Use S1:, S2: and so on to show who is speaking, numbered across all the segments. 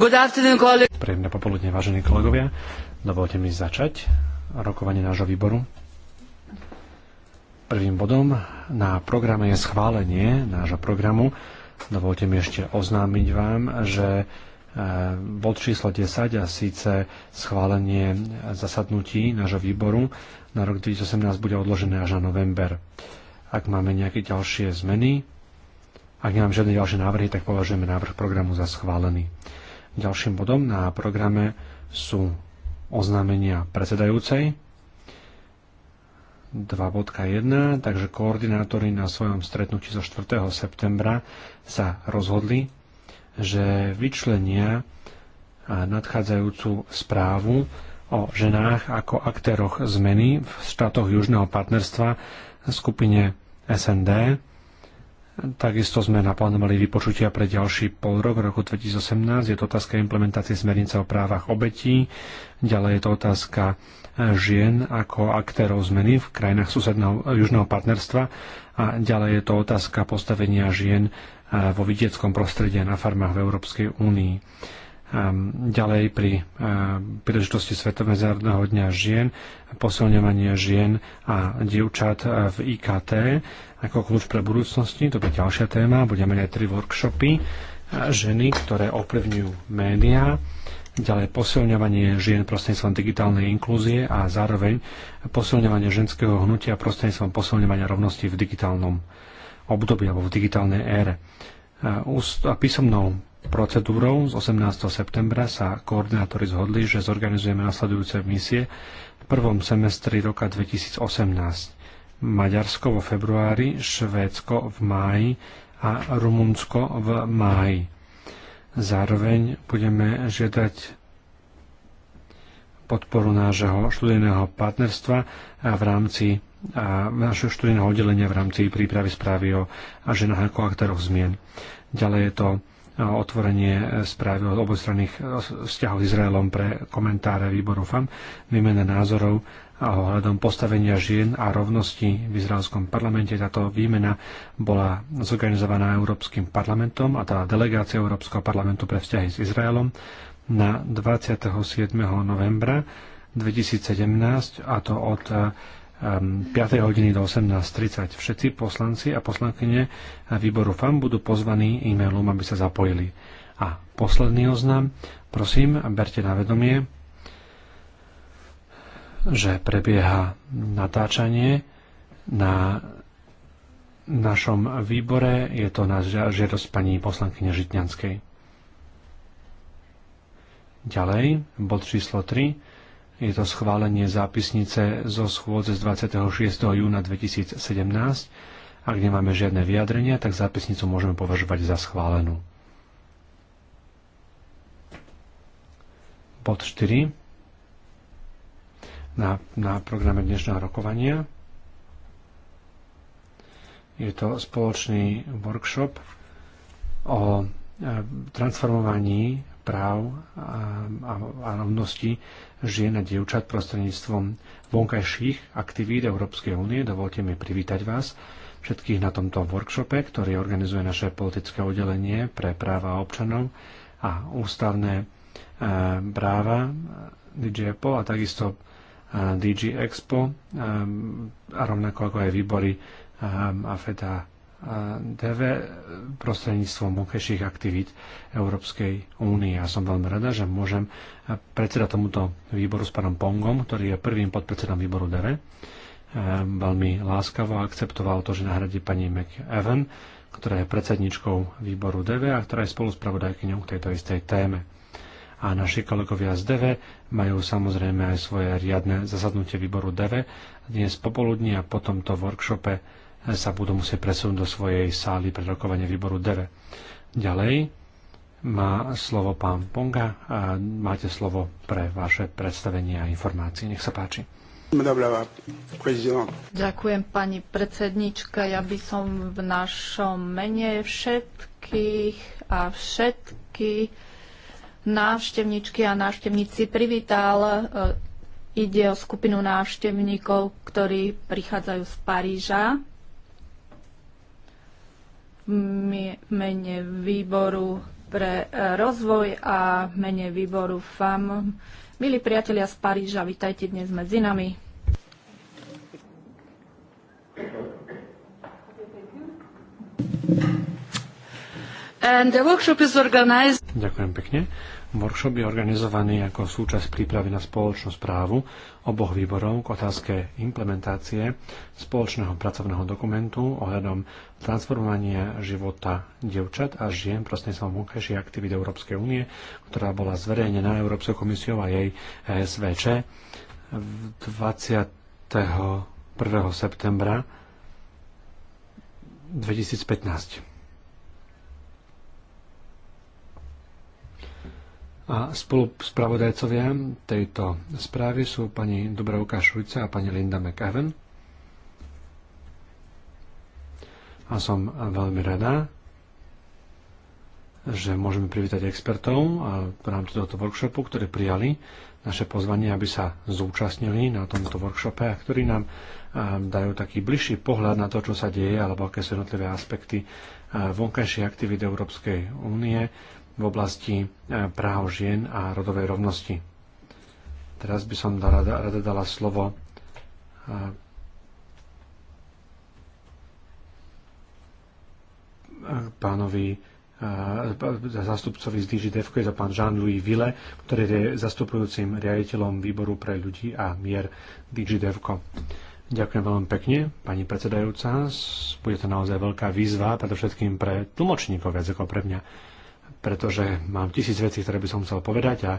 S1: Príjemné popoludne,
S2: vážení kolegovia. Dovolte mi začať rokovanie nášho výboru. Prvým bodom na programe je schválenie nášho programu. Dovolte mi ešte oznámiť vám, že e, bod číslo 10 a síce schválenie zasadnutí nášho výboru na rok 2018 bude odložené až na november. Ak máme nejaké ďalšie zmeny, ak nemám žiadne ďalšie návrhy, tak považujeme návrh programu za schválený. Ďalším bodom na programe sú oznámenia predsedajúcej. 2.1, takže koordinátori na svojom stretnutí zo 4. septembra sa rozhodli, že vyčlenia nadchádzajúcu správu o ženách ako aktéroch zmeny v štátoch južného partnerstva skupine SND Takisto sme naplánovali vypočutia pre ďalší pol rok, roku 2018. Je to otázka implementácie smernice o právach obetí. Ďalej je to otázka e, žien ako aktérov zmeny v krajinách susedného e, južného partnerstva. A ďalej je to otázka postavenia žien e, vo vidieckom prostredí na farmách v Európskej únii. Ehm, ďalej pri ehm, príležitosti Svetového zárodného dňa žien, posilňovanie žien a dievčat e, v IKT ako kľúč pre budúcnosti. To bude ďalšia téma. Budeme aj tri workshopy e, ženy, ktoré ovplyvňujú médiá ďalej posilňovanie žien prostredníctvom digitálnej inklúzie a zároveň posilňovanie ženského hnutia prostredníctvom posilňovania rovnosti v digitálnom období alebo v digitálnej ére. E, a písomnou procedúrou z 18. septembra sa koordinátori zhodli, že zorganizujeme nasledujúce misie v prvom semestri roka 2018. Maďarsko vo februári, Švédsko v máji a Rumunsko v máji. Zároveň budeme žiadať podporu nášho študijného partnerstva v rámci a našeho študijného oddelenia v rámci prípravy správy o ženách ako aktérov zmien. Ďalej je to otvorenie e, správy o obostranných e, vzťahov s Izraelom pre komentáre výboru FAM, výmena názorov a ohľadom postavenia žien a rovnosti v izraelskom parlamente. Táto výmena bola zorganizovaná Európskym parlamentom a tá delegácia Európskeho parlamentu pre vzťahy s Izraelom na 27. novembra 2017 a to od e, 5. hodiny do 18.30. Všetci poslanci a poslankyne výboru FAM budú pozvaní e-mailom, aby sa zapojili. A posledný oznam, prosím, berte na vedomie, že prebieha natáčanie na našom výbore. Je to na žiadosť pani poslankyne Žitňanskej. Ďalej, bod číslo 3 je to schválenie zápisnice zo schôdze z 26. júna 2017. Ak nemáme žiadne vyjadrenia, tak zápisnicu môžeme považovať za schválenú. Bod 4 na, na programe dnešného rokovania. Je to spoločný workshop o e, transformovaní práv a, a, rovnosti žien a dievčat prostredníctvom vonkajších aktivít Európskej únie. Dovolte mi privítať vás všetkých na tomto workshope, ktorý organizuje naše politické oddelenie pre práva občanov a ústavné e, práva DJ Apple a takisto e, DG Expo e, a rovnako ako aj výbory e, a FED DV prostredníctvom vonkajších aktivít Európskej únie. Ja som veľmi rada, že môžem predseda tomuto výboru s pánom Pongom, ktorý je prvým podpredsedom výboru DV. E, e, veľmi láskavo akceptoval to, že nahradí pani McEwen, ktorá je predsedničkou výboru DV a ktorá je spoluspravodajkyňou k tejto istej téme. A naši kolegovia z DV majú samozrejme aj svoje riadne zasadnutie výboru DV dnes popoludní a to v workshope sa budú musieť presunúť do svojej sály pre rokovanie výboru DEVE. Ďalej má slovo pán Ponga a máte slovo pre vaše predstavenie a informácie. Nech sa páči.
S1: Ďakujem pani predsednička. Ja by som v našom mene všetkých a všetky návštevničky a návštevníci privítal. Ide o skupinu návštevníkov, ktorí prichádzajú z Paríža mene výboru pre e, rozvoj a mene výboru FAM. Milí priatelia z Paríža, vitajte dnes medzi nami. Ďakujem
S2: pekne. Workshop je organizovaný ako súčasť prípravy na spoločnú správu oboch výborov k otázke implementácie spoločného pracovného dokumentu ohľadom transformovania života dievčat a žien prostredníctvom vonkajšej aktivity Európskej únie, ktorá bola zverejnená Európskou komisiou a jej SVČ 21. septembra 2015. A spoluspravodajcovia tejto správy sú pani Dobrovka Šujca a pani Linda McAven. A som veľmi rada, že môžeme privítať expertov v rámci tohoto workshopu, ktorí prijali naše pozvanie, aby sa zúčastnili na tomto workshope a ktorí nám dajú taký bližší pohľad na to, čo sa deje alebo aké sú jednotlivé aspekty vonkajšej aktivity Európskej únie v oblasti e, práv žien a rodovej rovnosti. Teraz by som dala, rada dala slovo e, pánovi e, zastupcovi z DigiDevko je to pán Jean-Louis Ville, ktorý je zastupujúcim riaditeľom výboru pre ľudí a mier DigiDevko. Ďakujem veľmi pekne, pani predsedajúca. Bude to naozaj veľká výzva, predovšetkým pre tlmočníkov, viac ako pre mňa pretože mám tisíc vecí, ktoré by som chcel povedať a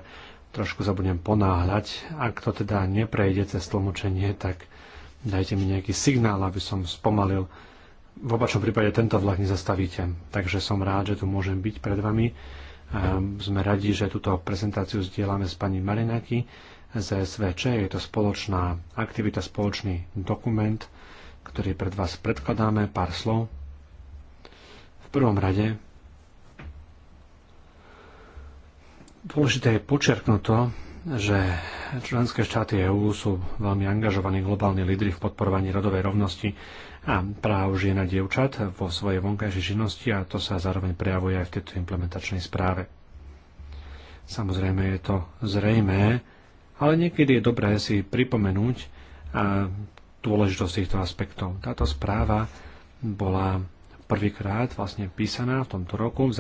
S2: trošku sa budem ponáhľať. Ak to teda neprejde cez tlmočenie, tak dajte mi nejaký signál, aby som spomalil. V opačnom prípade tento vlak nezastavíte. Takže som rád, že tu môžem byť pred vami. Sme radi, že túto prezentáciu zdieľame s pani Marinaky z SVČ. Je to spoločná aktivita, spoločný dokument, ktorý pred vás predkladáme, pár slov. V prvom rade Dôležité je počerknúť to, že členské štáty EÚ sú veľmi angažovaní globálni lídry v podporovaní rodovej rovnosti a práv žien a dievčat vo svojej vonkajšej činnosti a to sa zároveň prejavuje aj v tejto implementačnej správe. Samozrejme je to zrejmé, ale niekedy je dobré si pripomenúť dôležitosť týchto aspektov. Táto správa bola prvýkrát vlastne písaná v tomto roku v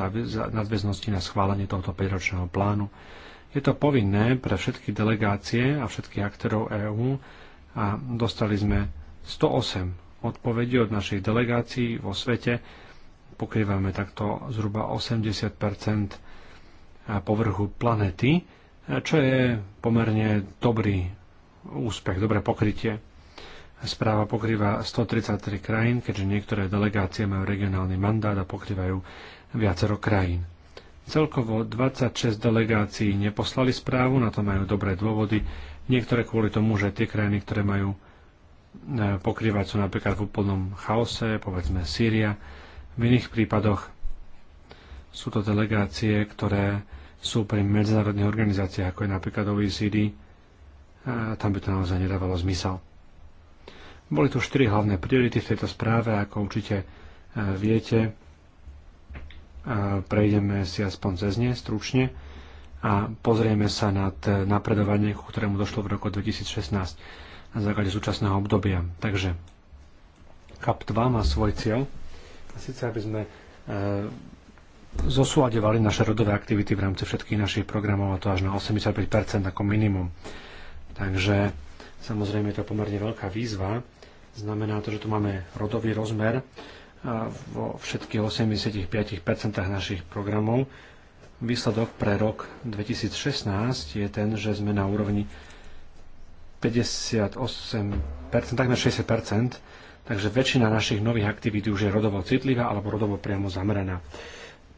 S2: nadväznosti na schválenie tohto 5-ročného plánu. Je to povinné pre všetky delegácie a všetkých aktérov EÚ a dostali sme 108 odpovedí od našich delegácií vo svete. Pokrývame takto zhruba 80 povrchu planety, čo je pomerne dobrý úspech, dobré pokrytie. Správa pokrýva 133 krajín, keďže niektoré delegácie majú regionálny mandát a pokrývajú viacero krajín. Celkovo 26 delegácií neposlali správu, na to majú dobré dôvody. Niektoré kvôli tomu, že tie krajiny, ktoré majú e, pokrývať, sú napríklad v úplnom chaose, povedzme Sýria. V iných prípadoch sú to delegácie, ktoré sú pri medzinárodných organizáciách, ako je napríklad OECD. A tam by to naozaj nedávalo zmysel. Boli tu štyri hlavné priority v tejto správe, ako určite e, viete. E, prejdeme si aspoň cez ne stručne a pozrieme sa na e, napredovanie, ku ktorému došlo v roku 2016 na základe súčasného obdobia. Takže CAP 2 má svoj cieľ, a síce aby sme zosúľadevali naše rodové aktivity v rámci všetkých našich programov a to až na 85% ako minimum. Takže samozrejme je to pomerne veľká výzva Znamená to, že tu máme rodový rozmer vo všetkých 85% našich programov. Výsledok pre rok 2016 je ten, že sme na úrovni 58%, takmer 60%, takže väčšina našich nových aktivít už je rodovo citlivá alebo rodovo priamo zameraná.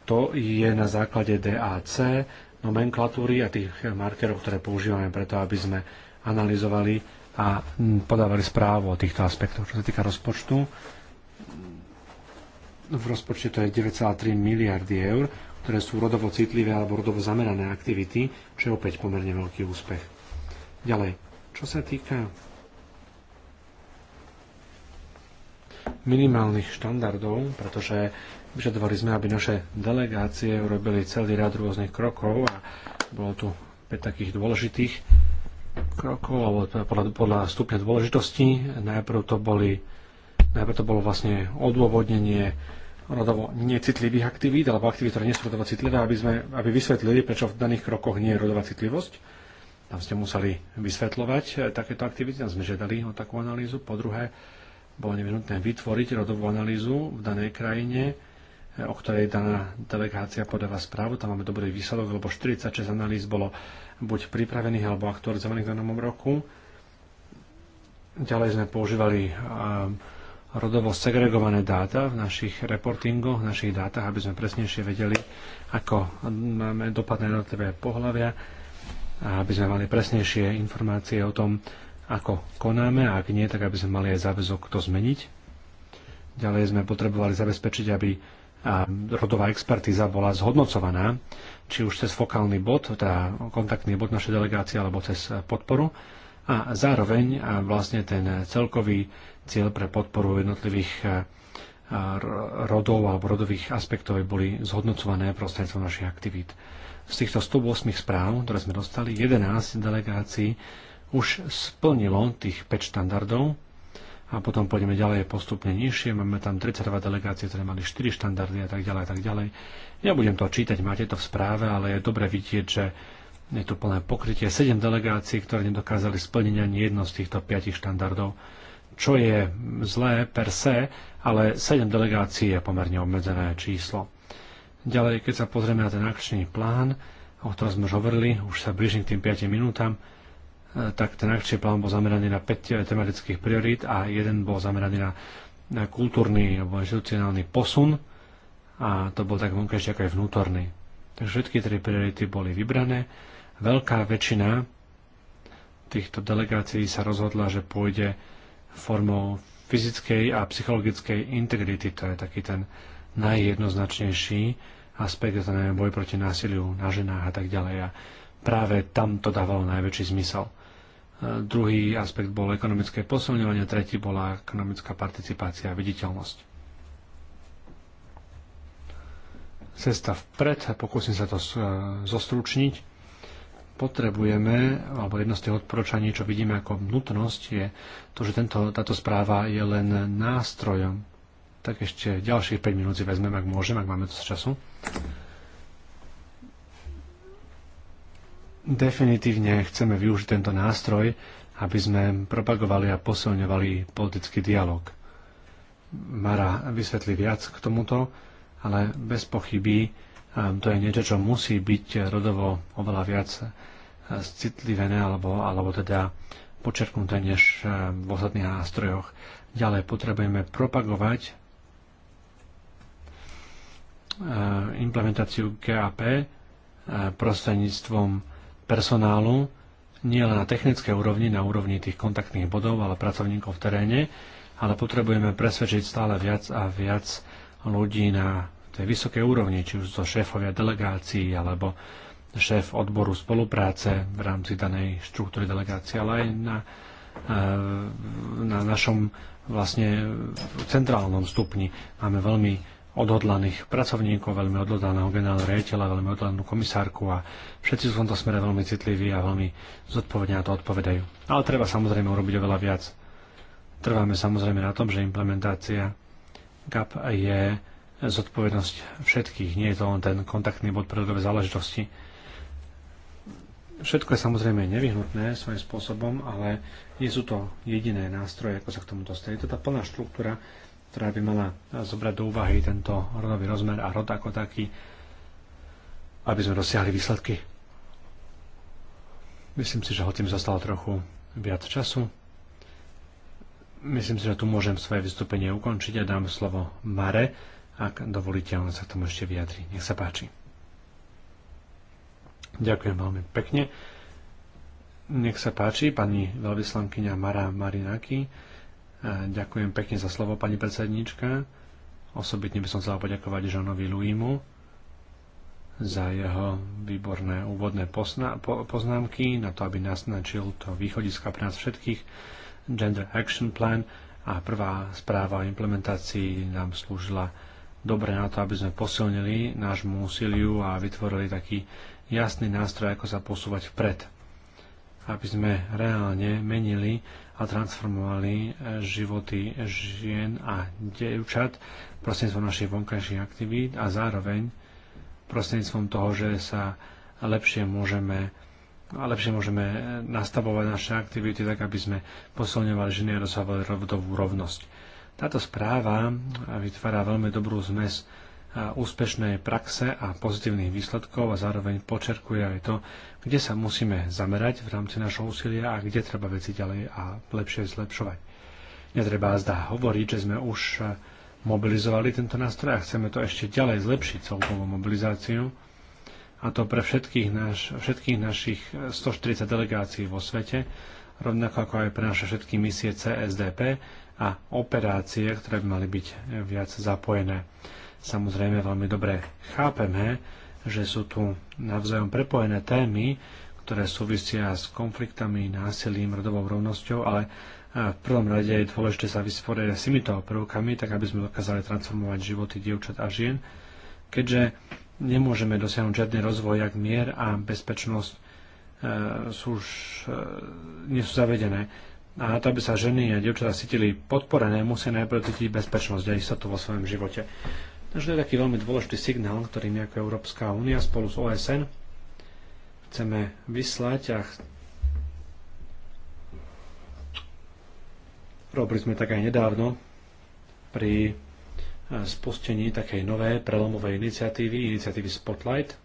S2: To je na základe DAC, nomenklatúry a tých markerov, ktoré používame preto, aby sme analyzovali a mm, podávali správu o týchto aspektoch. Čo sa týka rozpočtu, v rozpočte to je 9,3 miliardy eur, ktoré sú rodovo citlivé alebo rodovo zamerané aktivity, čo je opäť pomerne veľký úspech. Ďalej, čo sa týka minimálnych štandardov, pretože vyžadovali sme, aby naše delegácie urobili celý rad rôznych krokov a bolo tu 5 takých dôležitých krokov, alebo teda podľa, podľa stupňa dôležitosti. Najprv to, boli, najprv to bolo vlastne odôvodnenie rodovo necitlivých aktivít, alebo aktivít, ktoré nie sú rodovo citlivé, aby, sme, aby vysvetlili, prečo v daných krokoch nie je rodová citlivosť. Tam ste museli vysvetľovať eh, takéto aktivity, tam sme žiadali o takú analýzu. Po druhé, bolo nevyhnutné vytvoriť rodovú analýzu v danej krajine, eh, o ktorej daná delegácia podáva správu. Tam máme dobrý výsledok, lebo 46 analýz bolo buď pripravených alebo aktualizovaných v danom roku. Ďalej sme používali eh, rodovo segregované dáta v našich reportingoch, v našich dátach, aby sme presnejšie vedeli, ako máme dopad na jednotlivé pohľavia a aby sme mali presnejšie informácie o tom, ako konáme a ak nie, tak aby sme mali aj záväzok to zmeniť. Ďalej sme potrebovali zabezpečiť, aby eh, rodová expertíza bola zhodnocovaná či už cez fokálny bod, teda kontaktný bod našej delegácie, alebo cez podporu. A zároveň vlastne ten celkový cieľ pre podporu jednotlivých rodov alebo rodových aspektov boli zhodnocované prostredstvom našich aktivít. Z týchto 108 správ, ktoré sme dostali, 11 delegácií už splnilo tých 5 štandardov, a potom pôjdeme ďalej postupne nižšie. Máme tam 32 delegácie, ktoré mali 4 štandardy a tak ďalej a tak ďalej. Ja budem to čítať, máte to v správe, ale je dobre vidieť, že je tu plné pokrytie 7 delegácií, ktoré nedokázali splniť ani jedno z týchto 5 štandardov, čo je zlé per se, ale 7 delegácií je pomerne obmedzené číslo. Ďalej, keď sa pozrieme na ten akčný plán, o ktorom sme už hovorili, už sa blížim k tým 5 minútam, E, tak ten akčný plán bol zameraný na 5 e, tematických priorít a jeden bol zameraný na, na kultúrny alebo institucionálny posun a to bol tak vonkajší, ako aj vnútorný. Takže všetky tri priority boli vybrané. Veľká väčšina týchto delegácií sa rozhodla, že pôjde formou fyzickej a psychologickej integrity. To je taký ten najjednoznačnejší aspekt, to je boj proti násiliu na ženách a tak ďalej. A práve tam to dávalo najväčší zmysel druhý aspekt bol ekonomické posilňovanie, tretí bola ekonomická participácia a viditeľnosť. Cesta vpred, pokúsim sa to e, zostručniť, potrebujeme, alebo jedno z tých odporúčaní, čo vidíme ako nutnosť, je to, že tento, táto správa je len nástrojom. Tak ešte ďalších 5 minút si vezmem, ak môžem, ak máme dosť času. definitívne chceme využiť tento nástroj, aby sme propagovali a posilňovali politický dialog. Mara vysvetlí viac k tomuto, ale bez pochyby to je niečo, čo musí byť rodovo oveľa viac e, citlivené alebo, alebo teda počerknuté než e, v ostatných nástrojoch. Ďalej potrebujeme propagovať e, implementáciu GAP prostredníctvom personálu, nie len na technické úrovni, na úrovni tých kontaktných bodov, ale pracovníkov v teréne, ale potrebujeme presvedčiť stále viac a viac ľudí na tej vysokej úrovni, či už to šéfovia delegácií alebo šéf odboru spolupráce v rámci danej štruktúry delegácie, ale aj na, eh, na našom vlastne centrálnom stupni. Máme veľmi odhodlaných pracovníkov, veľmi odhodlaného generálneho riaditeľa, veľmi odhodlanú komisárku a všetci sú v tomto smere veľmi citliví a veľmi zodpovedne na to odpovedajú. Ale treba samozrejme urobiť oveľa viac. Trváme samozrejme na tom, že implementácia GAP je zodpovednosť všetkých, nie je to len ten kontaktný bod pre záležitosti. Všetko je samozrejme nevyhnutné svojím spôsobom, ale nie sú to jediné nástroje, ako sa k tomu dostať. Je to tá plná štruktúra ktorá by mala zobrať do úvahy tento rodový rozmer a rod ako taký, aby sme dosiahli výsledky. Myslím si, že ho tým zostalo trochu viac času. Myslím si, že tu môžem svoje vystúpenie ukončiť a dám slovo Mare, ak dovolíte, on sa k tomu ešte vyjadri. Nech sa páči. Ďakujem veľmi pekne. Nech sa páči, pani veľvyslankyňa Mara Marinaki. Ďakujem pekne za slovo, pani predsednička. Osobitne by som chcel poďakovať Žanovi Luimu za jeho výborné úvodné po, poznámky na to, aby naznačil to východiska pre nás všetkých. Gender Action Plan a prvá správa o implementácii nám slúžila dobre na to, aby sme posilnili nášmu úsiliu a vytvorili taký jasný nástroj, ako sa posúvať vpred. Aby sme reálne menili a transformovali e, životy žien a dievčat prostredníctvom našich vonkajších aktivít a zároveň prostredníctvom toho, že sa lepšie môžeme a lepšie môžeme e, nastavovať naše aktivity tak, aby sme posilňovali ženy a dosahovali rodovú rovnosť. Táto správa vytvára veľmi dobrú zmes úspešnej praxe a pozitívnych výsledkov a zároveň počerkuje aj to, kde sa musíme zamerať v rámci našho úsilia a kde treba veci ďalej a lepšie zlepšovať. Netreba zdá hovoriť, že sme už e, mobilizovali tento nástroj a chceme to ešte ďalej zlepšiť celkovou mobilizáciu a to pre všetkých, naš, všetkých našich 140 delegácií vo svete, rovnako ako aj pre naše všetky misie CSDP a operácie, ktoré by mali byť viac zapojené. Samozrejme veľmi dobre chápeme, že sú tu navzájom prepojené témy, ktoré súvisia s konfliktami, násilím, rodovou rovnosťou, ale e, v prvom rade je dôležité sa vysporiadať s týmito prvkami, tak aby sme dokázali transformovať životy dievčat a žien, keďže nemôžeme dosiahnuť žiadny rozvoj, ak mier a bezpečnosť e, sú už, e, nie sú zavedené. A na to, aby sa ženy a dievčatá cítili podporené, musia najprv cítiť bezpečnosť a istotu vo svojom živote. Takže to je taký veľmi dôležitý signál, ktorý my ako Európska únia spolu s OSN chceme vyslať a robili sme tak aj nedávno pri e, spustení takej novej prelomovej iniciatívy, iniciatívy Spotlight,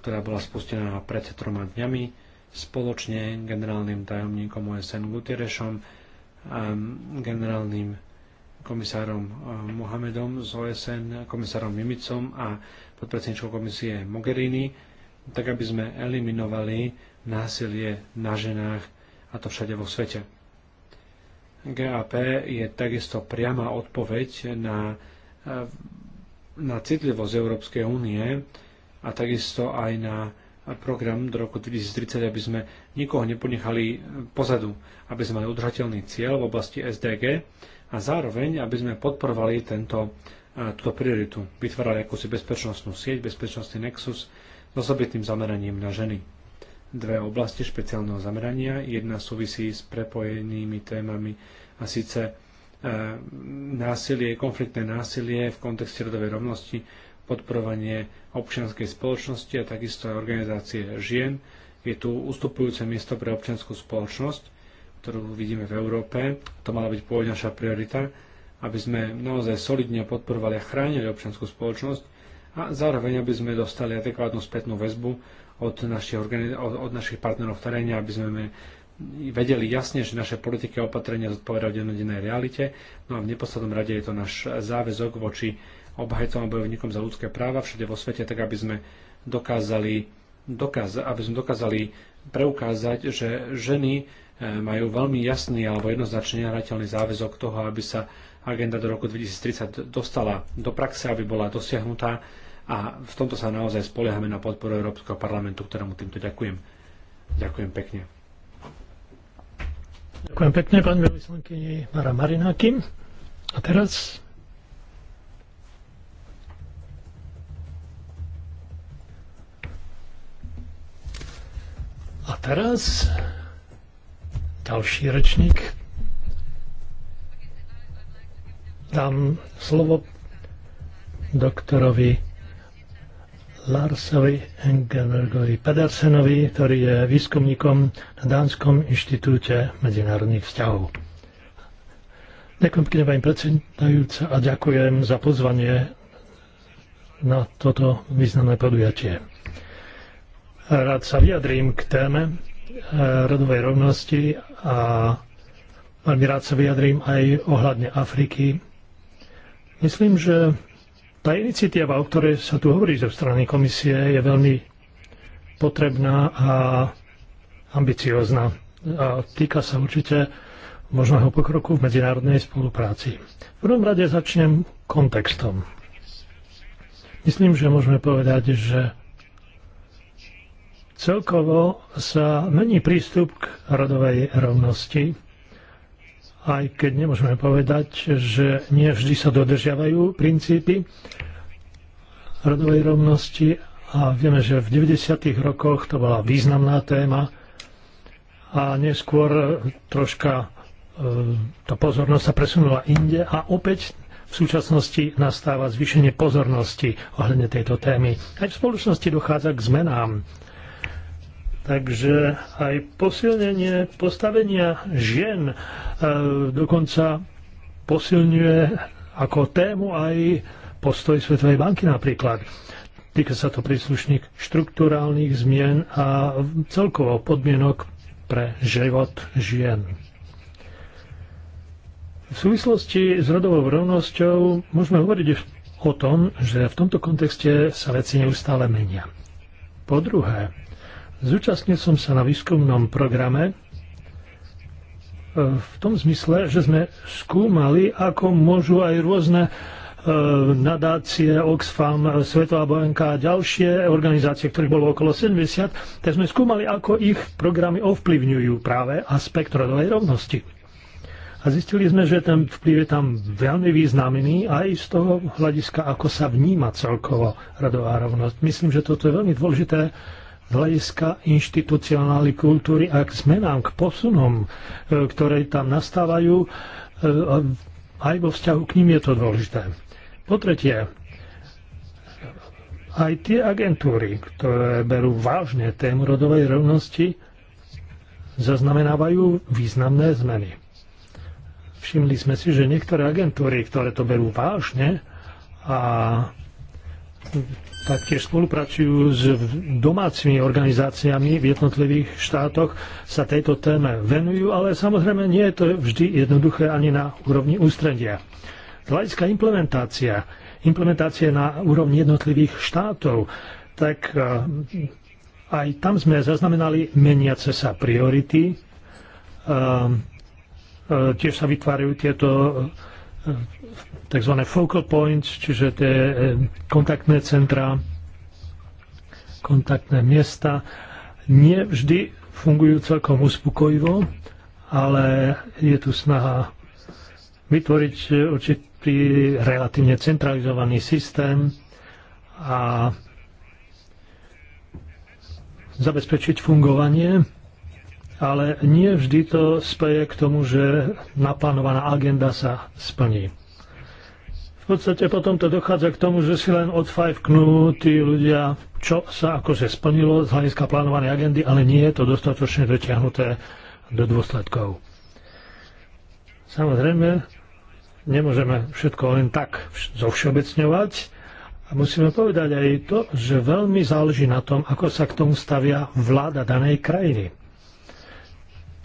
S2: ktorá bola spustená pred troma dňami spoločne generálnym tajomníkom OSN Gutierrešom, generálnym komisárom eh, Mohamedom z OSN, komisárom Mimicom a podpredsedničkou komisie Mogherini, tak aby sme eliminovali násilie na ženách a to všade vo svete. GAP je takisto priama odpoveď na, eh, na citlivosť Európskej únie a takisto aj na program do roku 2030, aby sme nikoho neponechali eh, pozadu, aby sme mali udržateľný cieľ v oblasti SDG a zároveň, aby sme podporovali tento, e, túto prioritu, vytvárali akúsi bezpečnostnú sieť, bezpečnostný nexus s osobitným zameraním na ženy. Dve oblasti špeciálneho zamerania, jedna súvisí s prepojenými témami a síce e, násilie, konfliktné násilie v kontexte rodovej rovnosti, podporovanie občianskej spoločnosti a takisto aj organizácie žien. Je tu ustupujúce miesto pre občianskú spoločnosť ktorú vidíme v Európe. To mala byť pôvodne naša priorita, aby sme naozaj solidne podporovali a chránili občianskú spoločnosť a zároveň, aby sme dostali adekvátnu spätnú väzbu od našich, od, od našich partnerov v teréne, aby sme vedeli jasne, že naše politiky a opatrenia zodpovedajú dennodennej realite. No a v neposlednom rade je to náš záväzok voči obhajcom a bojovníkom za ľudské práva všade vo svete, tak aby sme dokázali, dokáza, aby sme dokázali preukázať, že ženy E, majú veľmi jasný alebo jednoznačne nehrateľný záväzok toho, aby sa agenda do roku 2030 dostala do praxe, aby bola dosiahnutá a v tomto sa naozaj spoliehame na podporu Európskeho parlamentu, ktorému týmto ďakujem. Ďakujem pekne.
S3: Ďakujem pekne, pani veľvyslankyni Mara Marináky. A teraz A teraz ďalší rečník. Dám slovo doktorovi Larsovi Engelbergovi Pedersenovi, ktorý je výskumníkom na Dánskom inštitúte medzinárodných vzťahov. Ďakujem pekne, pani predsedajúca, a ďakujem za pozvanie na toto významné podujatie. Rád sa vyjadrím k téme, Eh, rodovej rovnosti a veľmi rád sa vyjadrím aj ohľadne Afriky. Myslím, že tá iniciatíva, o ktorej sa tu hovorí zo strany komisie, je veľmi potrebná a ambiciozná. A týka sa určite možného pokroku v medzinárodnej spolupráci. V prvom rade začnem kontextom. Myslím, že môžeme povedať, že Celkovo sa mení prístup k rodovej rovnosti, aj keď nemôžeme povedať, že nie vždy sa dodržiavajú princípy rodovej rovnosti a vieme, že v 90. rokoch to bola významná téma a neskôr troška e, tá pozornosť sa presunula inde a opäť v súčasnosti nastáva zvýšenie pozornosti ohľadne tejto témy. Aj v spoločnosti dochádza k zmenám Takže aj posilnenie postavenia žien e, dokonca posilňuje ako tému aj postoj Svetovej banky napríklad. Týka sa to príslušných štruktúrálnych zmien a celkovo podmienok pre život žien. V súvislosti s rodovou rovnosťou môžeme hovoriť o tom, že v tomto kontexte sa veci neustále menia. Po druhé, Zúčastnil som sa na výskumnom programe e, v tom zmysle, že sme skúmali, ako môžu aj rôzne e, nadácie Oxfam, Svetová banka a ďalšie organizácie, ktorých bolo okolo 70, tak sme skúmali, ako ich programy ovplyvňujú práve aspekt rodovej rovnosti. A zistili sme, že ten vplyv je tam veľmi významný aj z toho hľadiska, ako sa vníma celkovo rodová rovnosť. Myslím, že toto je veľmi dôležité z hľadiska inštitucionálnej kultúry a k zmenám, k posunom, e, ktoré tam nastávajú, e, aj vo vzťahu k ním je to dôležité. Po tretie, aj tie agentúry, ktoré berú vážne tému rodovej rovnosti, zaznamenávajú významné zmeny. Všimli sme si, že niektoré agentúry, ktoré to berú vážne a taktiež spolupracujú s domácimi organizáciami v jednotlivých štátoch, sa tejto téme venujú, ale samozrejme nie je to vždy jednoduché ani na úrovni ústredia. Z hľadiska implementácia, na úrovni jednotlivých štátov, tak eh, aj tam sme zaznamenali meniace sa priority. Eh, eh, tiež sa vytvárajú tieto tzv. focal points, čiže tie e, kontaktné centra, kontaktné miesta, nie vždy fungujú celkom uspokojivo, ale je tu snaha vytvoriť určitý relatívne centralizovaný systém a zabezpečiť fungovanie, ale nie vždy to speje k tomu, že naplánovaná agenda sa splní v podstate potom to dochádza k tomu, že si len odfajfknú tí ľudia, čo sa akože splnilo z hľadiska plánovanej agendy, ale nie je to dostatočne dotiahnuté do dôsledkov. Samozrejme, nemôžeme všetko len tak zovšeobecňovať, a musíme povedať aj to, že veľmi záleží na tom, ako sa k tomu stavia vláda danej krajiny.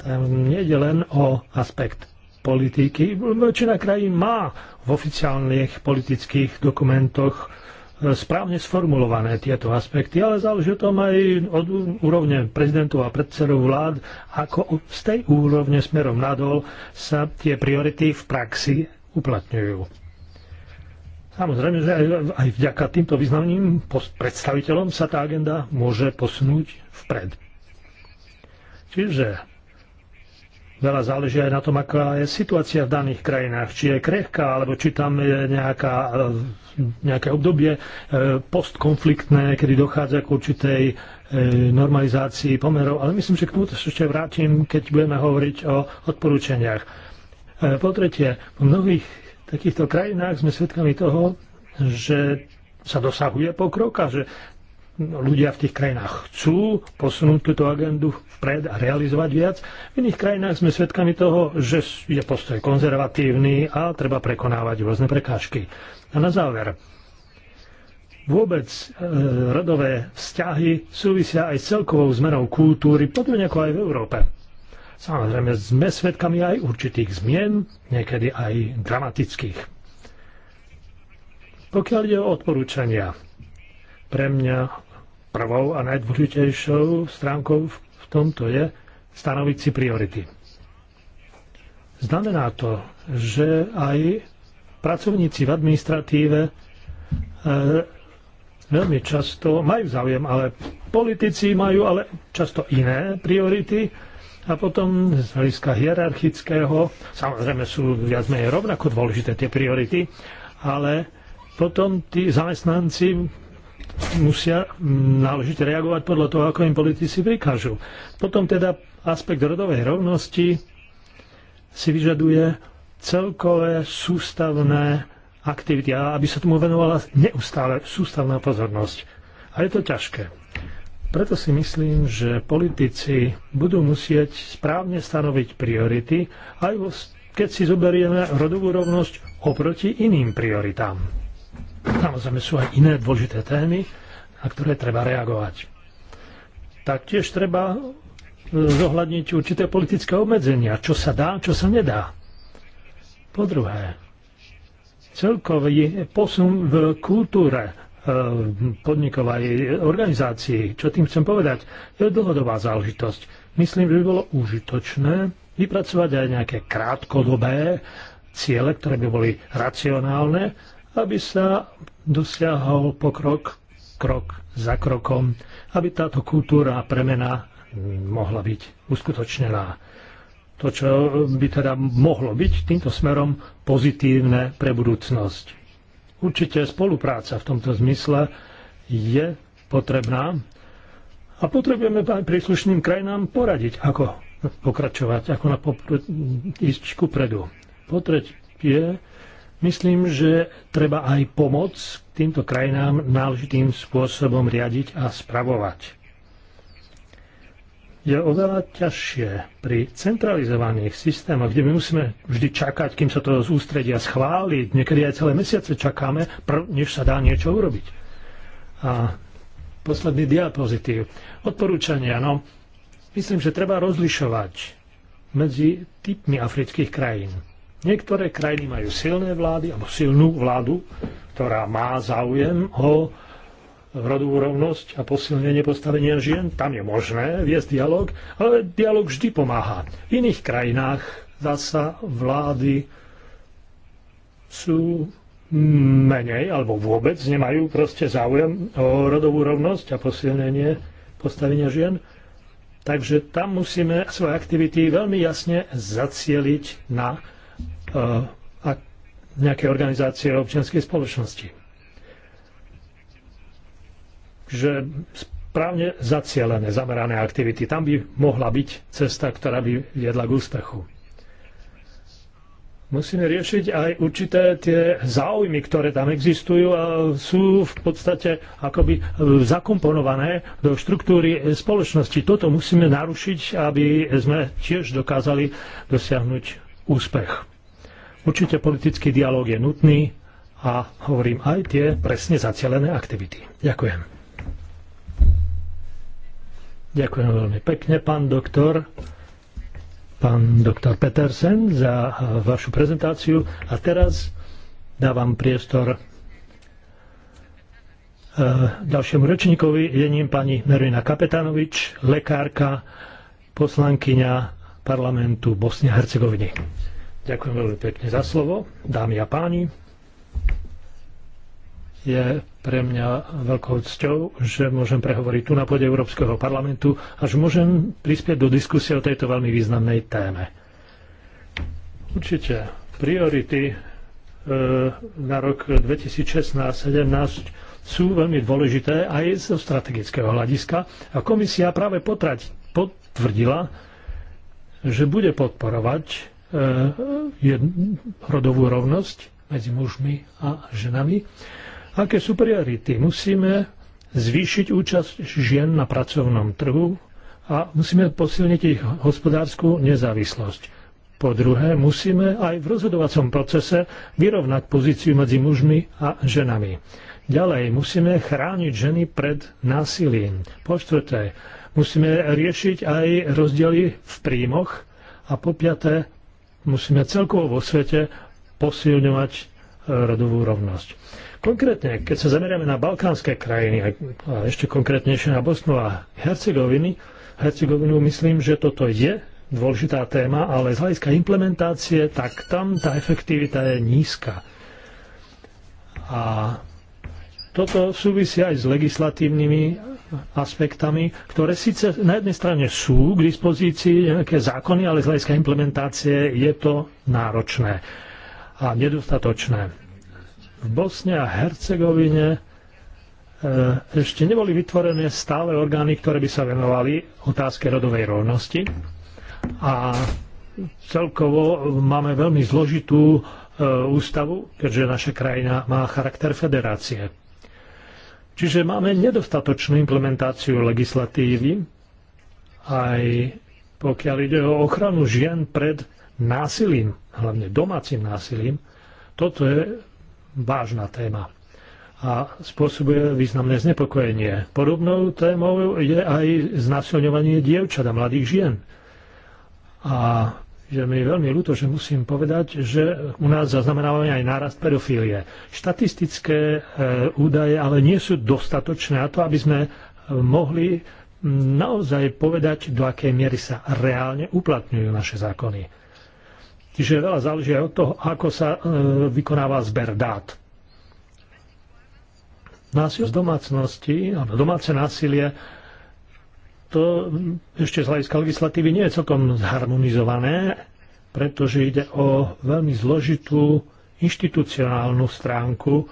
S3: Tam je len o aspekt politiky. Väčšina krajín má v oficiálnych politických dokumentoch e, správne sformulované tieto aspekty, ale záleží o tom aj od úrovne prezidentov a predsedov vlád, ako z tej úrovne smerom nadol sa tie priority v praxi uplatňujú. Samozrejme, že aj vďaka týmto významným predstaviteľom sa tá agenda môže posunúť vpred. Čiže Veľa záleží aj na tom, aká je situácia v daných krajinách. Či je krehká, alebo či tam je nejaká, eh, nejaké obdobie eh, postkonfliktné, kedy dochádza k určitej eh, normalizácii pomerov. Ale myslím, že k tomu to ešte vrátim, keď budeme hovoriť o odporúčaniach. Po tretie, v mnohých takýchto krajinách sme svedkami toho, že sa dosahuje pokrok a že ľudia v tých krajinách chcú posunúť túto agendu vpred a realizovať viac. V iných krajinách sme svedkami toho, že je postoj konzervatívny a treba prekonávať rôzne prekážky. A na záver, vôbec e, rodové vzťahy súvisia aj s celkovou zmenou kultúry, podobne ako aj v Európe. Samozrejme, sme svedkami aj určitých zmien, niekedy aj dramatických. Pokiaľ ide o odporúčania, pre mňa prvou a najdôležitejšou stránkou v tomto je stanoviť si priority. Znamená to, že aj pracovníci v administratíve e, veľmi často majú záujem, ale politici majú ale často iné priority a potom z hľadiska hierarchického, samozrejme sú viac menej rovnako dôležité tie priority, ale potom tí zamestnanci musia náležite reagovať podľa toho, ako im politici prikážu. Potom teda aspekt rodovej rovnosti si vyžaduje celkové sústavné aktivity a aby sa tomu venovala neustále sústavná pozornosť. A je to ťažké. Preto si myslím, že politici budú musieť správne stanoviť priority, aj keď si zoberieme rodovú rovnosť oproti iným prioritám. Samozrejme sú aj iné dôležité témy, na ktoré treba reagovať. Taktiež treba e, zohľadniť určité politické obmedzenia, čo sa dá, čo sa nedá. Po druhé, celkový posun v kultúre e, podnikovej organizácii. Čo tým chcem povedať? je dlhodobá záležitosť. Myslím, že by bolo užitočné vypracovať aj nejaké krátkodobé ciele, ktoré by boli racionálne aby sa dosiahol pokrok krok za krokom, aby táto kultúra a premena mohla byť uskutočnená. To, čo by teda mohlo byť týmto smerom pozitívne pre budúcnosť. Určite spolupráca v tomto zmysle je potrebná a potrebujeme aj príslušným krajinám poradiť, ako pokračovať, ako na popr- ísť ku predu. Potreť je, Myslím, že treba aj pomoc týmto krajinám náležitým spôsobom riadiť a spravovať. Je oveľa ťažšie pri centralizovaných systémoch, kde my musíme vždy čakať, kým sa to z ústredia schváli. Niekedy aj celé mesiace čakáme, než sa dá niečo urobiť. A posledný diapozitív. Odporúčania. No, myslím, že treba rozlišovať medzi typmi afrických krajín Niektoré krajiny majú silné vlády, alebo silnú vládu, ktorá má záujem o rodovú rovnosť a posilnenie postavenia žien. Tam je možné viesť dialog, ale dialog vždy pomáha. V iných krajinách zasa vlády sú menej alebo vôbec nemajú proste záujem o rodovú rovnosť a posilnenie postavenia žien. Takže tam musíme svoje aktivity veľmi jasne zacieliť na a nejaké organizácie občianskej spoločnosti. Že správne zacielené, zamerané aktivity. Tam by mohla byť cesta, ktorá by viedla k úspechu. Musíme riešiť aj určité tie záujmy, ktoré tam existujú a sú v podstate akoby zakomponované do štruktúry spoločnosti. Toto musíme narušiť, aby sme tiež dokázali dosiahnuť úspech. Určite politický dialog je nutný a hovorím aj tie presne zacielené aktivity. Ďakujem. Ďakujem veľmi pekne, pán doktor, pán doktor Petersen, za vašu prezentáciu. A teraz dávam priestor e, ďalšiemu rečníkovi je ním pani Merina Kapetanovič, lekárka, poslankyňa parlamentu Bosnia a Hercegoviny. Ďakujem veľmi pekne za slovo, dámy a páni. Je pre mňa veľkou cťou, že môžem prehovoriť tu na pôde Európskeho parlamentu a že môžem prispieť do diskusie o tejto veľmi významnej téme. Určite priority e, na rok 2016-2017 sú veľmi dôležité aj zo strategického hľadiska a komisia práve potrať potvrdila, že bude podporovať e, rodovú rovnosť medzi mužmi a ženami. Aké sú priority? Musíme zvýšiť účasť žien na pracovnom trhu a musíme posilniť ich hospodárskú nezávislosť. Po druhé, musíme aj v rozhodovacom procese vyrovnať pozíciu medzi mužmi a ženami. Ďalej, musíme chrániť ženy pred násilím. Po štvrté, musíme riešiť aj rozdiely v príjmoch. A po piaté, musíme celkovo vo svete posilňovať e, rodovú rovnosť. Konkrétne, keď sa zameriame na balkánske krajiny, a ešte konkrétnejšie na Bosnu a Hercegoviny, Hercegovinu myslím, že toto je dôležitá téma, ale z hľadiska implementácie, tak tam tá efektivita je nízka. A toto súvisí aj s legislatívnymi aspektami, ktoré síce na jednej strane sú k dispozícii nejaké zákony, ale z hľadiska implementácie je to náročné a nedostatočné. V Bosne a Hercegovine e, ešte neboli vytvorené stále orgány, ktoré by sa venovali otázke rodovej rovnosti. A celkovo máme veľmi zložitú e, ústavu, keďže naša krajina má charakter federácie. Čiže máme nedostatočnú implementáciu legislatívy, aj pokiaľ ide o ochranu žien pred násilím, hlavne domácim násilím. Toto je vážna téma a spôsobuje významné znepokojenie. Podobnou témou je aj znasilňovanie dievčat a mladých žien. A že mi je veľmi ľúto, že musím povedať, že u nás zaznamenávame aj nárast pedofílie. Štatistické e, údaje ale nie sú dostatočné na to, aby sme e, mohli naozaj povedať, do akej miery sa reálne uplatňujú naše zákony. Čiže veľa záleží aj od toho, ako sa e, vykonáva zber dát. Násil z domácnosti, domáce násilie to ešte z hľadiska legislatívy nie je celkom zharmonizované, pretože ide o veľmi zložitú inštitucionálnu stránku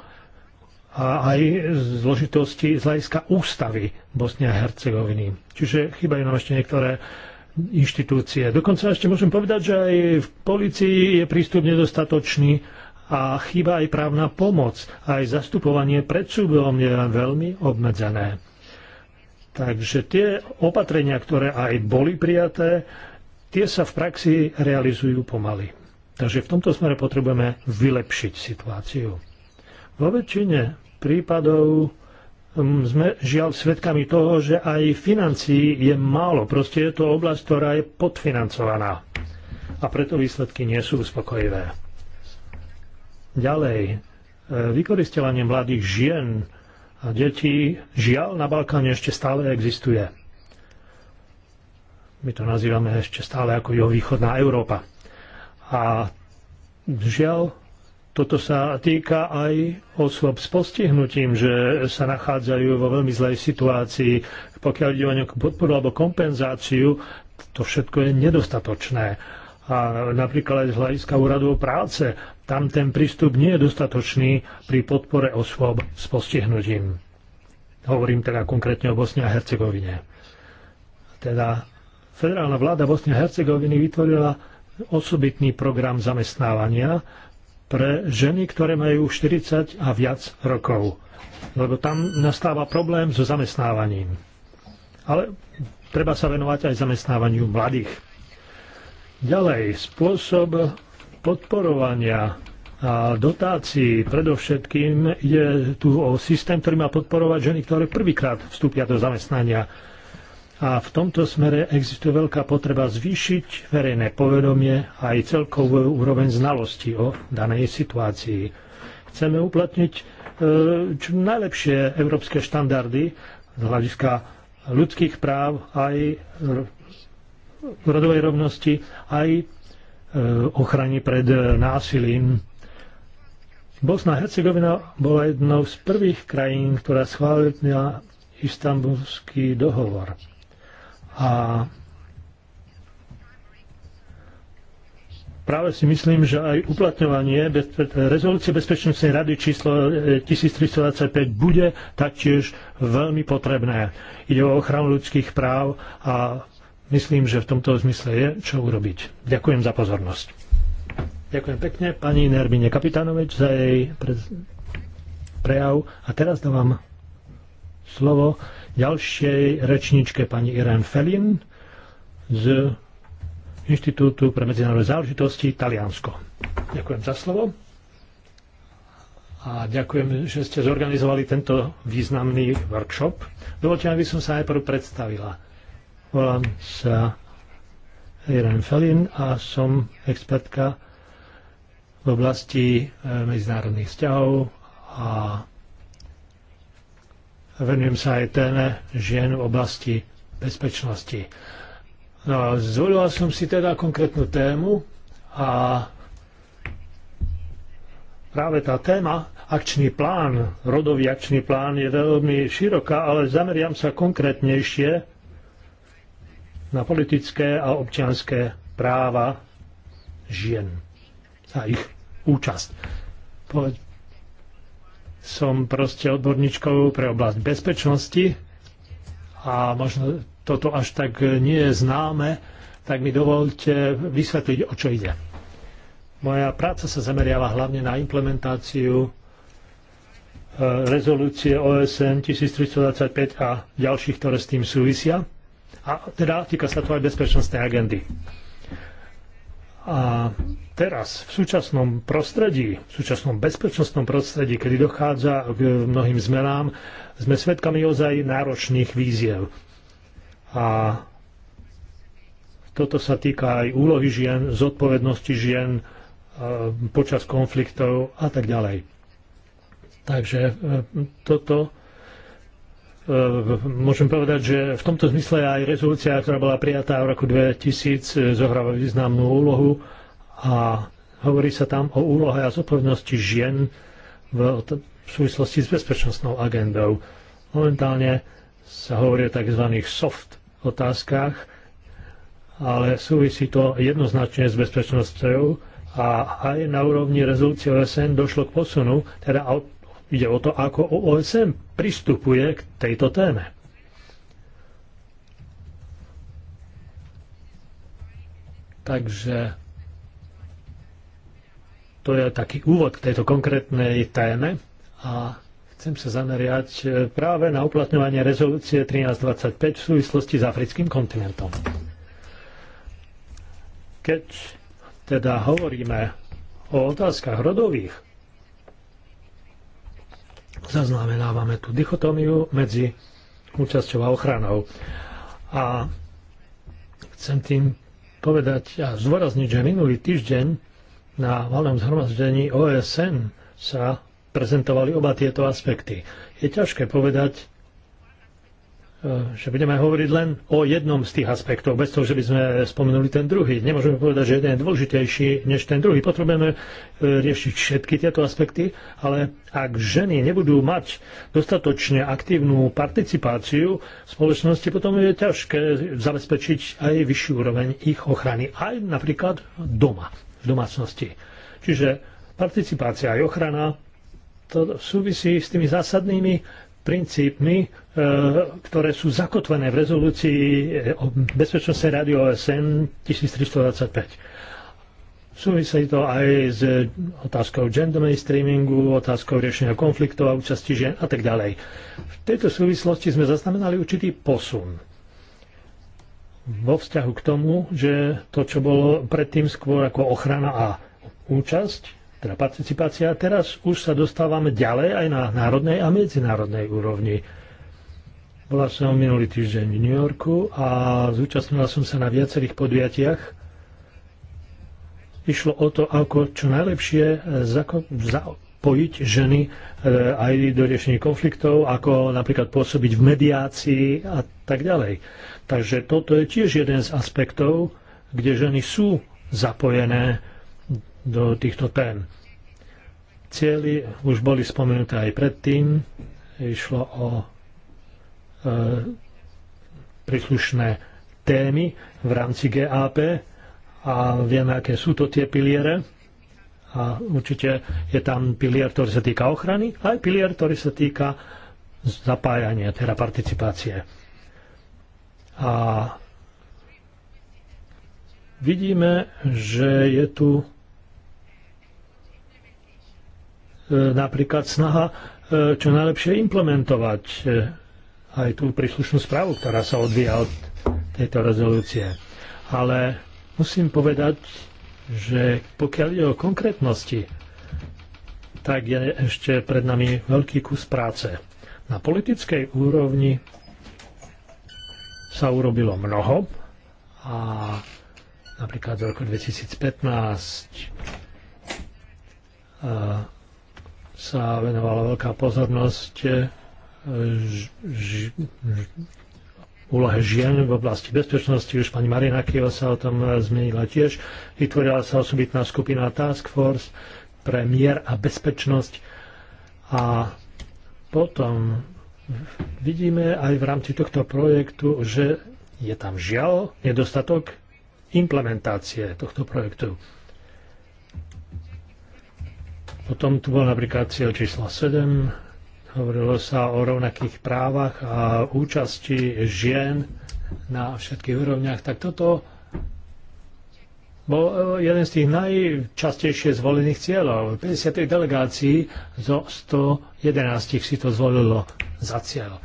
S3: a aj zložitosti z hľadiska ústavy Bosne a Hercegoviny. Čiže chýbajú nám ešte niektoré inštitúcie. Dokonca ešte môžem povedať, že aj v policii je prístup nedostatočný a chýba aj právna pomoc. Aj zastupovanie pred súdom je veľmi obmedzené. Takže tie opatrenia, ktoré aj boli prijaté, tie sa v praxi realizujú pomaly. Takže v tomto smere potrebujeme vylepšiť situáciu. Vo väčšine prípadov hm, sme žiaľ svedkami toho, že aj financií je málo. Proste je to oblasť, ktorá je podfinancovaná. A preto výsledky nie sú uspokojivé. Ďalej, e, vykoristovanie mladých žien detí, žiaľ, na Balkáne ešte stále existuje. My to nazývame ešte stále ako jeho východná Európa. A žiaľ, toto sa týka aj osôb s postihnutím, že sa nachádzajú vo veľmi zlej situácii. Pokiaľ ide o nejakú podporu alebo kompenzáciu, to všetko je nedostatočné. A napríklad aj z hľadiska úradov práce tam ten prístup nie je dostatočný pri podpore osôb s postihnutím. Hovorím teda konkrétne o Bosne a Hercegovine. Teda federálna vláda Bosne a Hercegoviny vytvorila osobitný program zamestnávania pre ženy, ktoré majú 40 a viac rokov. Lebo tam nastáva problém so zamestnávaním. Ale treba sa venovať aj zamestnávaniu mladých. Ďalej, spôsob podporovania a dotácií predovšetkým je tu o systém, ktorý má podporovať ženy, ktoré prvýkrát vstúpia do zamestnania. A v tomto smere existuje veľká potreba zvýšiť verejné povedomie a aj celkovú úroveň znalosti o danej situácii. Chceme uplatniť e, čo najlepšie európske štandardy z hľadiska ľudských práv aj rodovej rovnosti, aj Eh, ochrany pred eh, násilím. Bosna a Hercegovina bola jednou z prvých krajín, ktorá schválila istambulský dohovor. A práve si myslím, že aj uplatňovanie rezolúcie Bezpečnostnej rady číslo 1325 eh, bude taktiež veľmi potrebné. Ide o ochranu ľudských práv a myslím, že v tomto zmysle je čo urobiť. Ďakujem za pozornosť. Ďakujem pekne pani Nermine Kapitánovič za jej pre... prejav. A teraz dávam slovo ďalšej rečničke pani Irene Felin z Inštitútu pre medzinárodné záležitosti Taliansko. Ďakujem za slovo a ďakujem, že ste zorganizovali tento významný workshop. Dovolte, aby som sa najprv predstavila. Volám sa Irán Felin a som expertka v oblasti e, medzinárodných vzťahov a venujem sa aj téme žien v oblasti bezpečnosti. No, zvolila som si teda konkrétnu tému a práve tá téma, akčný plán, rodový akčný plán je veľmi široká, ale zameriam sa konkrétnejšie na politické a občianské práva žien a ich účasť. Poď. Som proste odborníčkou pre oblasť bezpečnosti a možno toto až tak nie je známe, tak mi dovolte vysvetliť, o čo ide. Moja práca sa zameriava hlavne na implementáciu e, rezolúcie OSN 1325 a ďalších, ktoré s tým súvisia. A teda týka sa to aj bezpečnostnej agendy. A teraz, v súčasnom prostredí, v súčasnom bezpečnostnom prostredí, kedy dochádza k mnohým zmenám, sme svedkami ozaj náročných víziev. A toto sa týka aj úlohy žien, zodpovednosti žien e, počas konfliktov a tak ďalej. Takže e, toto Eh, môžem povedať, že v tomto zmysle aj rezolúcia, ktorá bola prijatá v roku 2000, eh, zohráva významnú úlohu a hovorí sa tam o úlohe a zodpovednosti žien v, v súvislosti s bezpečnostnou agendou. Momentálne sa hovorí o tzv. soft otázkach, ale súvisí to jednoznačne s bezpečnosťou a aj na úrovni rezolúcie OSN došlo k posunu, teda od Ide o to, ako OSN pristupuje k tejto téme. Takže to je taký úvod k tejto konkrétnej téme a chcem sa zameriať e, práve na uplatňovanie rezolúcie 1325 v súvislosti s africkým kontinentom. Keď teda hovoríme o otázkach rodových, zaznamenávame tú dichotómiu medzi účasťou a ochranou. A chcem tým povedať a zdôrazniť, že minulý týždeň na valnom zhromaždení OSN sa prezentovali oba tieto aspekty. Je ťažké povedať, Eh, že budeme hovoriť len o jednom z tých aspektov, bez toho, že by sme spomenuli ten druhý. Nemôžeme povedať, že jeden je dôležitejší než ten druhý. Potrebujeme eh, riešiť všetky tieto aspekty, ale ak ženy nebudú mať dostatočne aktívnu participáciu v spoločnosti, potom je ťažké zabezpečiť aj vyšší úroveň ich ochrany, aj napríklad doma, v domácnosti. Čiže participácia aj ochrana to súvisí s tými zásadnými princípmi, e, ktoré sú zakotvené v rezolúcii o Bezpečnostnej rady OSN 1325. Súvisí to aj s otázkou gender mainstreamingu, otázkou riešenia konfliktov a účasti žien a tak ďalej. V tejto súvislosti sme zaznamenali určitý posun vo vzťahu k tomu, že to, čo bolo predtým skôr ako ochrana a účasť, teda participácia. Teraz už sa dostávame ďalej aj na národnej a medzinárodnej úrovni. Bola som minulý týždeň v New Yorku a zúčastnila som sa na viacerých podujatiach. Išlo o to, ako čo najlepšie zapojiť ženy e, aj do riešení konfliktov, ako napríklad pôsobiť v mediácii a tak ďalej. Takže toto je tiež jeden z aspektov, kde ženy sú zapojené do týchto tém. Cieli už boli spomenuté aj predtým. Išlo o e, príslušné témy v rámci GAP a vieme, aké sú to tie piliere. A určite je tam pilier, ktorý sa týka ochrany, a aj pilier, ktorý sa týka zapájania, teda participácie. A vidíme, že je tu E, napríklad snaha e, čo najlepšie implementovať e, aj tú príslušnú správu, ktorá sa odvíja od tejto rezolúcie. Ale musím povedať, že pokiaľ ide o konkrétnosti, tak je ešte pred nami veľký kus práce. Na politickej úrovni sa urobilo mnoho a napríklad v roku 2015 sa venovala veľká pozornosť e, úlohe žien v oblasti bezpečnosti. Už pani Marina Kieva sa o tom zmenila tiež. Vytvorila sa osobitná skupina Task Force pre mier a bezpečnosť. A potom vidíme aj v rámci tohto projektu, že je tam žiaľ nedostatok implementácie tohto projektu. Potom tu bol napríklad cieľ číslo 7, hovorilo sa o rovnakých právach a účasti žien na všetkých úrovniach, tak toto bol e, jeden z tých najčastejšie zvolených cieľov. 50 delegácií zo 111 si to zvolilo za cieľ.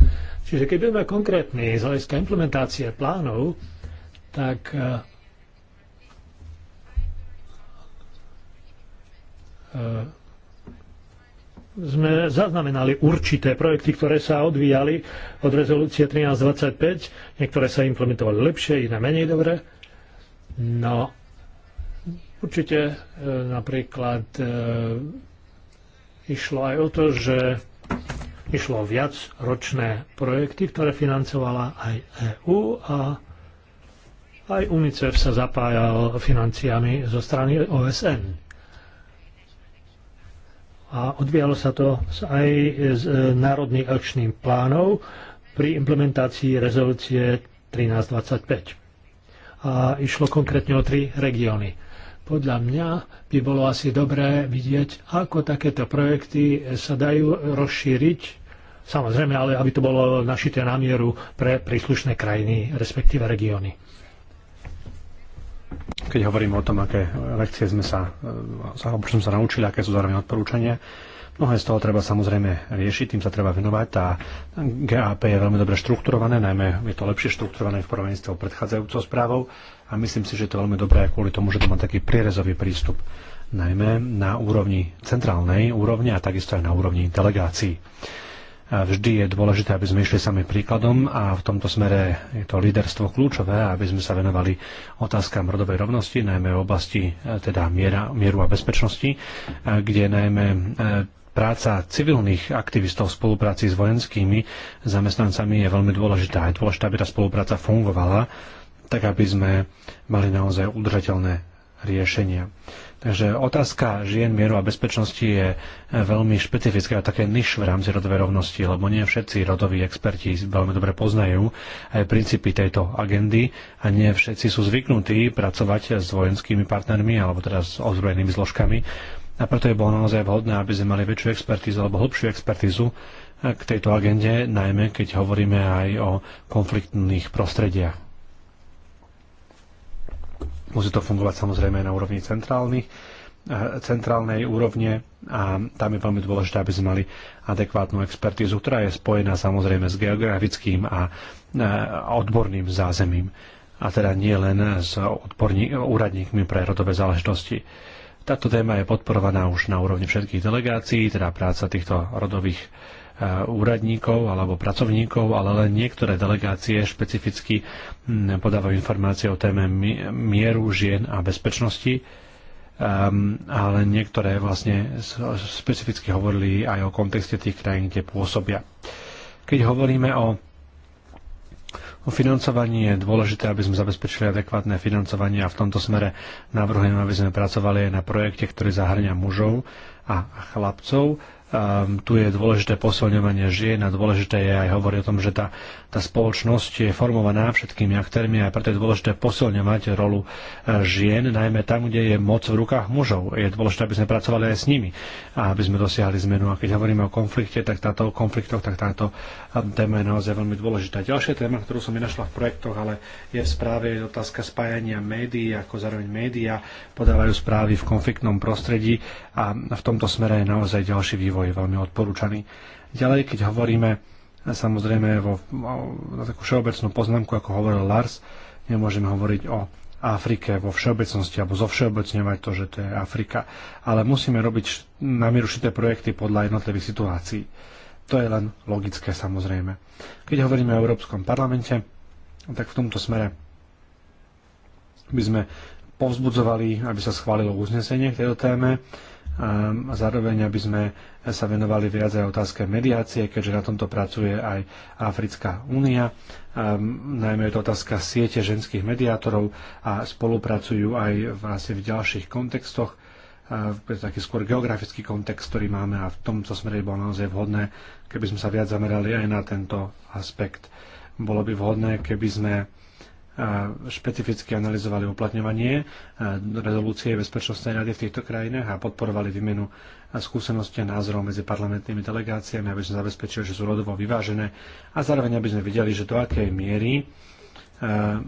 S3: Čiže keď budeme konkrétni z hľadiska implementácie plánov, tak uh, sme zaznamenali určité projekty, ktoré sa odvíjali od rezolúcie 1325. Niektoré sa implementovali lepšie, iné menej dobre. No, určite e, napríklad e, išlo aj o to, že išlo viac ročné projekty, ktoré financovala aj EU a aj UNICEF sa zapájal financiami zo strany OSN a odvíjalo sa to aj z e, národných akčných plánov pri implementácii rezolúcie 1325. A išlo konkrétne o tri regióny. Podľa mňa by bolo asi dobré vidieť, ako takéto projekty sa dajú rozšíriť, samozrejme, ale aby to bolo našité na mieru pre príslušné krajiny, respektíve regióny
S2: keď hovorím o tom, aké lekcie sme sa, e, alebo čo sme sa naučili, aké sú zároveň odporúčania, Mnohé z toho treba samozrejme riešiť, tým sa treba venovať a GAP je veľmi dobre štrukturované, najmä je to lepšie štrukturované v porovnaní s tou predchádzajúcou správou a myslím si, že to je veľmi dobré kvôli tomu, že to má taký prierezový prístup najmä na úrovni centrálnej úrovne a takisto aj na úrovni delegácií. Vždy je dôležité, aby sme išli sami príkladom a v tomto smere je to líderstvo kľúčové, aby sme sa venovali otázkam rodovej rovnosti, najmä v oblasti e, teda miera, mieru a bezpečnosti, e, kde najmä e, práca civilných aktivistov v spolupráci s vojenskými zamestnancami je veľmi dôležitá. Je dôležité, aby tá spolupráca fungovala, tak aby sme mali naozaj udržateľné riešenia. Takže otázka žien, mieru a bezpečnosti je eh, veľmi špecifická a také niž v rámci rodovej rovnosti, lebo nie všetci rodoví experti veľmi dobre poznajú aj princípy tejto agendy a nie všetci sú zvyknutí pracovať s vojenskými partnermi alebo teda s ozbrojenými zložkami. A preto je bolo naozaj vhodné, aby sme mali väčšiu expertízu alebo hlbšiu expertízu eh, k tejto agende, najmä keď hovoríme aj o konfliktných prostrediach. Musí to fungovať samozrejme aj na úrovni centrálnych, eh, centrálnej úrovne a tam je veľmi dôležité, aby sme mali adekvátnu expertízu, ktorá je spojená samozrejme s geografickým a eh, odborným zázemím a teda nie len s odborní, úradníkmi pre rodové záležitosti. Táto téma je podporovaná už na úrovni všetkých delegácií, teda práca týchto rodových Eh, úradníkov alebo pracovníkov, ale len niektoré delegácie špecificky hm, podávajú informácie o téme mieru žien a bezpečnosti, ehm, ale niektoré vlastne specificky hovorili aj o kontexte tých krajín, kde pôsobia. Keď hovoríme o O financovaní je dôležité, aby sme zabezpečili adekvátne financovanie a v tomto smere navrhujem, aby sme pracovali aj na projekte, ktorý zahrňa mužov a chlapcov Um, tu je dôležité posilňovanie žien a dôležité je aj hovoriť o tom, že tá, tá spoločnosť je formovaná všetkými aktérmi a preto je dôležité posilňovať rolu e, žien, najmä tam, kde je moc v rukách mužov. Je dôležité, aby sme pracovali aj s nimi a aby sme dosiahli zmenu. A keď hovoríme o konflikte, tak táto o konfliktoch, tak táto e, téma je naozaj veľmi dôležitá. Ďalšia téma, ktorú som nenašla v projektoch, ale je v správe je otázka spájania médií, ako zároveň médiá podávajú správy v konfliktnom prostredí a v tomto smere je naozaj ďalší vývoj vývoj je veľmi odporúčaný. Ďalej, keď hovoríme samozrejme vo, na takú všeobecnú poznámku, ako hovoril Lars, nemôžeme hovoriť o Afrike vo všeobecnosti alebo zo všeobecňovať to, že to je Afrika. Ale musíme robiť namierušité projekty podľa jednotlivých situácií. To je len logické samozrejme. Keď hovoríme o Európskom parlamente, tak v tomto smere by sme povzbudzovali, aby sa schválilo uznesenie k tejto téme. Ehm, a zároveň, aby sme sa venovali viac aj otázke mediácie, keďže na tomto pracuje aj Africká únia. Ehm, najmä je to otázka siete ženských mediátorov a spolupracujú aj asi vlastne v ďalších kontextoch ehm, taký skôr geografický kontext, ktorý máme a v tomto smere bolo naozaj vhodné, keby sme sa viac zamerali aj na tento aspekt. Bolo by vhodné, keby sme špecificky analyzovali uplatňovanie rezolúcie Bezpečnostnej rady v týchto krajinách a podporovali výmenu skúseností a názorov medzi parlamentnými delegáciami, aby sme zabezpečili, že sú rodovo vyvážené a zároveň aby sme videli, že do akej miery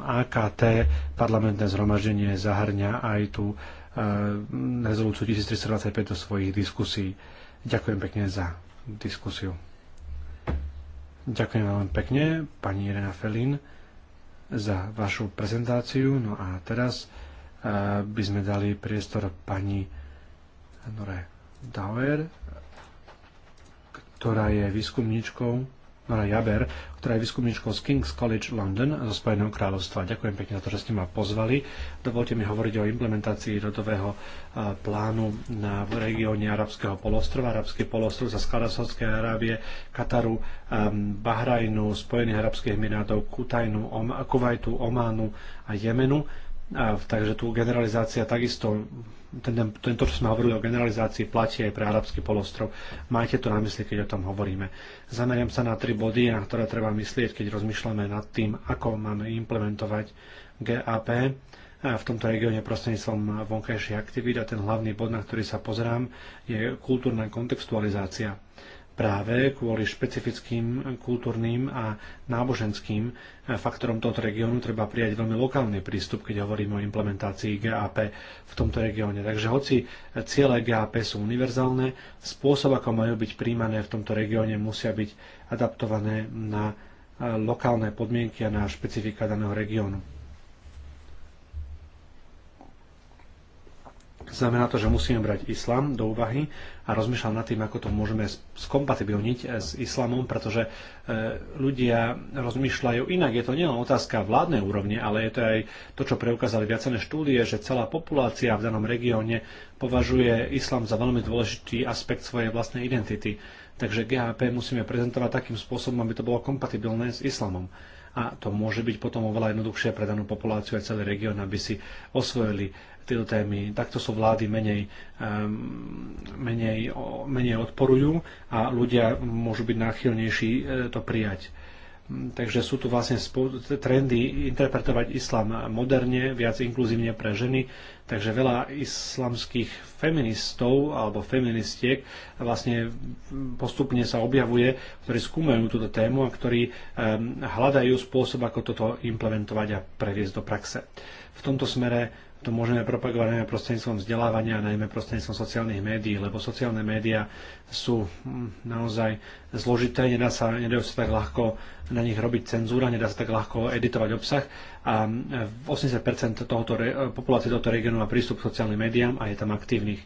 S2: AKT parlamentné zhromaždenie zahrňa aj tú rezolúciu 1325 do svojich diskusí. Ďakujem pekne za diskusiu. Ďakujem veľmi pekne, pani Irena Felín za vašu prezentáciu. No a teraz eh, by sme dali priestor pani Nore Dauer, ktorá je výskumníčkou Nora Jaber, ktorá je výskumníčkou z King's College London zo Spojeného kráľovstva. Ďakujem pekne za to, že ste ma pozvali. Dovolte mi hovoriť o implementácii rodového plánu na regióne Arabského polostrova. Arabský polostrov sa skladá Sovskej Arábie, Kataru, Bahrajnu, Spojených Arabských Emirátov, Kutajnu, Kuwaitu, Ománu a Jemenu. A, takže tu generalizácia takisto ten, tento, čo sme hovorili o generalizácii, platí aj pre arabský polostrov. Majte to na mysli, keď o tom hovoríme. Zameriam sa na tri body, na ktoré treba myslieť, keď rozmýšľame nad tým, ako máme implementovať GAP v tomto regióne prostredníctvom vonkajších aktivít a ten hlavný bod, na ktorý sa pozerám, je kultúrna kontextualizácia práve kvôli špecifickým kultúrnym a náboženským eh, faktorom tohto regiónu treba prijať veľmi lokálny prístup, keď hovoríme o implementácii GAP v tomto regióne. Takže hoci ciele GAP sú univerzálne, spôsob, ako majú byť príjmané v tomto regióne, musia byť adaptované na eh, lokálne podmienky a na špecifika daného regiónu. Znamená to, že musíme brať islám do úvahy a rozmýšľať nad tým, ako to môžeme skompatibilniť eh, s islamom, pretože eh, ľudia rozmýšľajú inak. Je to nielen otázka vládnej úrovne, ale je to aj to, čo preukázali viacené štúdie, že celá populácia v danom regióne považuje islam za veľmi dôležitý aspekt svojej vlastnej identity. Takže GHP musíme prezentovať takým spôsobom, aby to bolo kompatibilné s islamom a to môže byť potom oveľa jednoduchšie pre danú populáciu a celý región, aby si osvojili tieto témy. Takto sú vlády menej, menej, menej odporujú a ľudia môžu byť náchylnejší e, to prijať. Mm, takže sú tu vlastne trendy interpretovať islám moderne, viac inkluzívne pre ženy, takže veľa islamských feministov alebo feministiek vlastne postupne sa objavuje, ktorí skúmajú túto tému a ktorí hľadajú spôsob, ako toto implementovať a previesť do praxe. V tomto smere to môžeme propagovať najmä prostredníctvom vzdelávania, najmä prostredníctvom sociálnych médií, lebo sociálne médiá sú hm, naozaj zložité, nedá sa, nedá sa tak ľahko na nich robiť cenzúra, nedá sa tak ľahko editovať obsah a 80% hm, tohoto, populácie tohoto regiónu má prístup k sociálnym médiám a je tam aktívnych.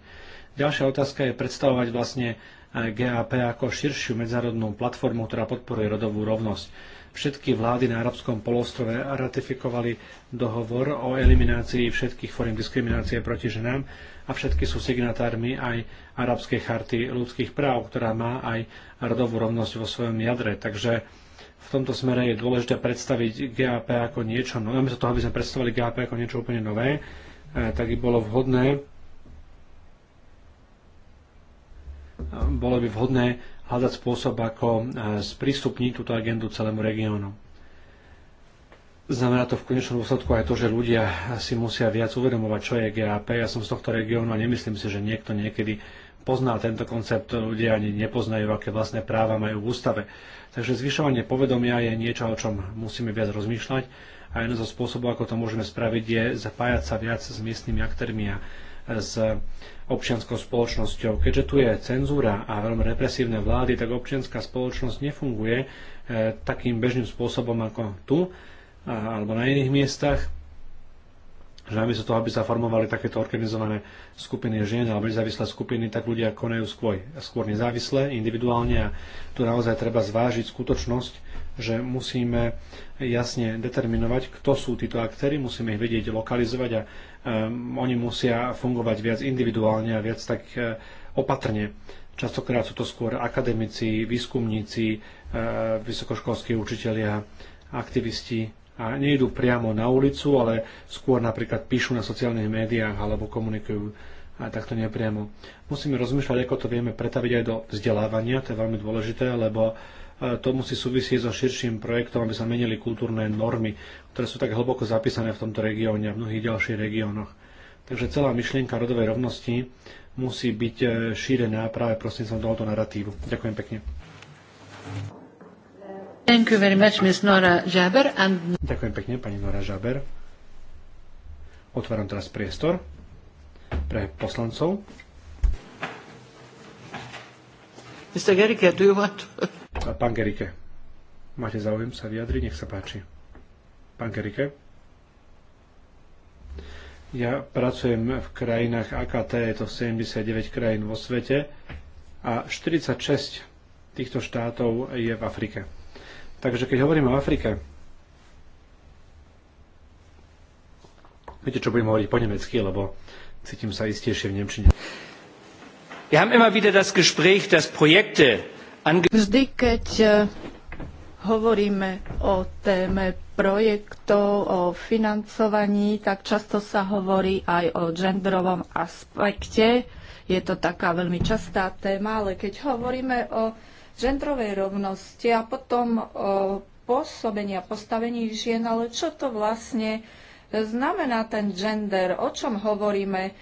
S2: Ďalšia otázka je predstavovať vlastne eh, GAP ako širšiu medzinárodnú platformu, ktorá podporuje rodovú rovnosť Všetky vlády na arabskom polostrove ratifikovali dohovor o eliminácii všetkých foriem diskriminácie proti ženám a všetky sú signatármi aj Arabskej charty ľudských práv, ktorá má aj rodovú rovnosť vo svojom jadre. Takže v tomto smere je dôležité predstaviť GAP ako niečo nové. Namiesto toho, aby sme predstavili GAP ako niečo úplne nové, eh, tak by bolo vhodné eh, bolo by vhodné hľadať spôsob, ako eh, sprístupniť túto agendu celému regiónu. Znamená to v konečnom dôsledku aj to, že ľudia si musia viac uvedomovať, čo je GAP. Ja som z tohto regiónu a nemyslím si, že niekto niekedy pozná tento koncept, ľudia ani nepoznajú, aké vlastné práva majú v ústave. Takže zvyšovanie povedomia je niečo, o čom musíme viac rozmýšľať a jeden zo spôsobov, ako to môžeme spraviť, je zapájať sa viac s miestnymi aktérmi a s občianskou spoločnosťou. Keďže tu je cenzúra a veľmi represívne vlády, tak občianská spoločnosť nefunguje eh, takým bežným spôsobom ako tu alebo na iných miestach. Že namiesto toho, aby sa formovali takéto organizované skupiny žien alebo nezávislé skupiny, tak ľudia konajú skôr, skôr nezávisle, individuálne a tu naozaj treba zvážiť skutočnosť, že musíme jasne determinovať, kto sú títo aktéry, musíme ich vedieť lokalizovať a Ehm, oni musia fungovať viac individuálne a viac tak e, opatrne. Častokrát sú to skôr akademici, výskumníci, e, vysokoškolskí učitelia, aktivisti a nejdú priamo na ulicu, ale skôr napríklad píšu na sociálnych médiách alebo komunikujú a takto nepriamo. Musíme rozmýšľať, ako to vieme pretaviť aj do vzdelávania, to je veľmi dôležité, lebo e, to musí súvisieť so širším projektom, aby sa menili kultúrne normy, ktoré sú tak hlboko zapísané v tomto regióne a v mnohých ďalších regiónoch. Takže celá myšlienka rodovej rovnosti musí byť e, šírená práve prostredníctvom tohoto narratívu. Ďakujem pekne.
S1: Thank you very much, Ms. Nora
S2: Žaber. And... Ďakujem pekne, pani Nora Žaber. Otváram teraz priestor pre poslancov. Mr. Gerike, do you want to... Pán Gerike, máte záujem sa vyjadriť? Nech sa páči. Pán Gerike. Ja pracujem v krajinách AKT, je to 79 krajín vo svete a 46 týchto štátov je v Afrike. Takže keď hovorím o Afrike, viete čo, budem hovoriť po nemecky, lebo cítim sa istejšie v Nemčine. Wir haben immer wieder das Gespräch, das Projekte Vždy,
S1: keď eh, hovoríme o téme projektov, o financovaní, tak často sa hovorí aj o genderovom aspekte. Je to taká veľmi častá téma, ale keď hovoríme o genderovej rovnosti a potom o pôsobení a postavení žien, ale čo to vlastne znamená ten gender, o čom hovoríme,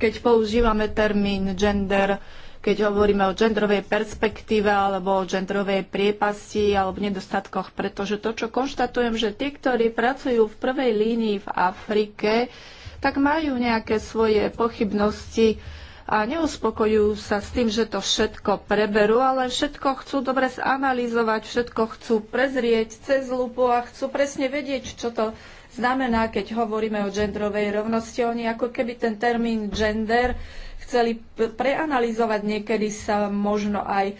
S1: keď používame termín gender keď hovoríme o genderovej perspektíve alebo o genderovej priepasti alebo nedostatkoch, pretože to, čo konštatujem, že tie, ktorí pracujú v prvej línii v Afrike, tak majú nejaké svoje pochybnosti a neuspokojujú sa s tým, že to všetko preberú, ale všetko chcú dobre zanalizovať, všetko chcú prezrieť cez lupu a chcú presne vedieť, čo to znamená, keď hovoríme o genderovej rovnosti. Oni ako keby ten termín gender chceli preanalizovať, niekedy sa možno aj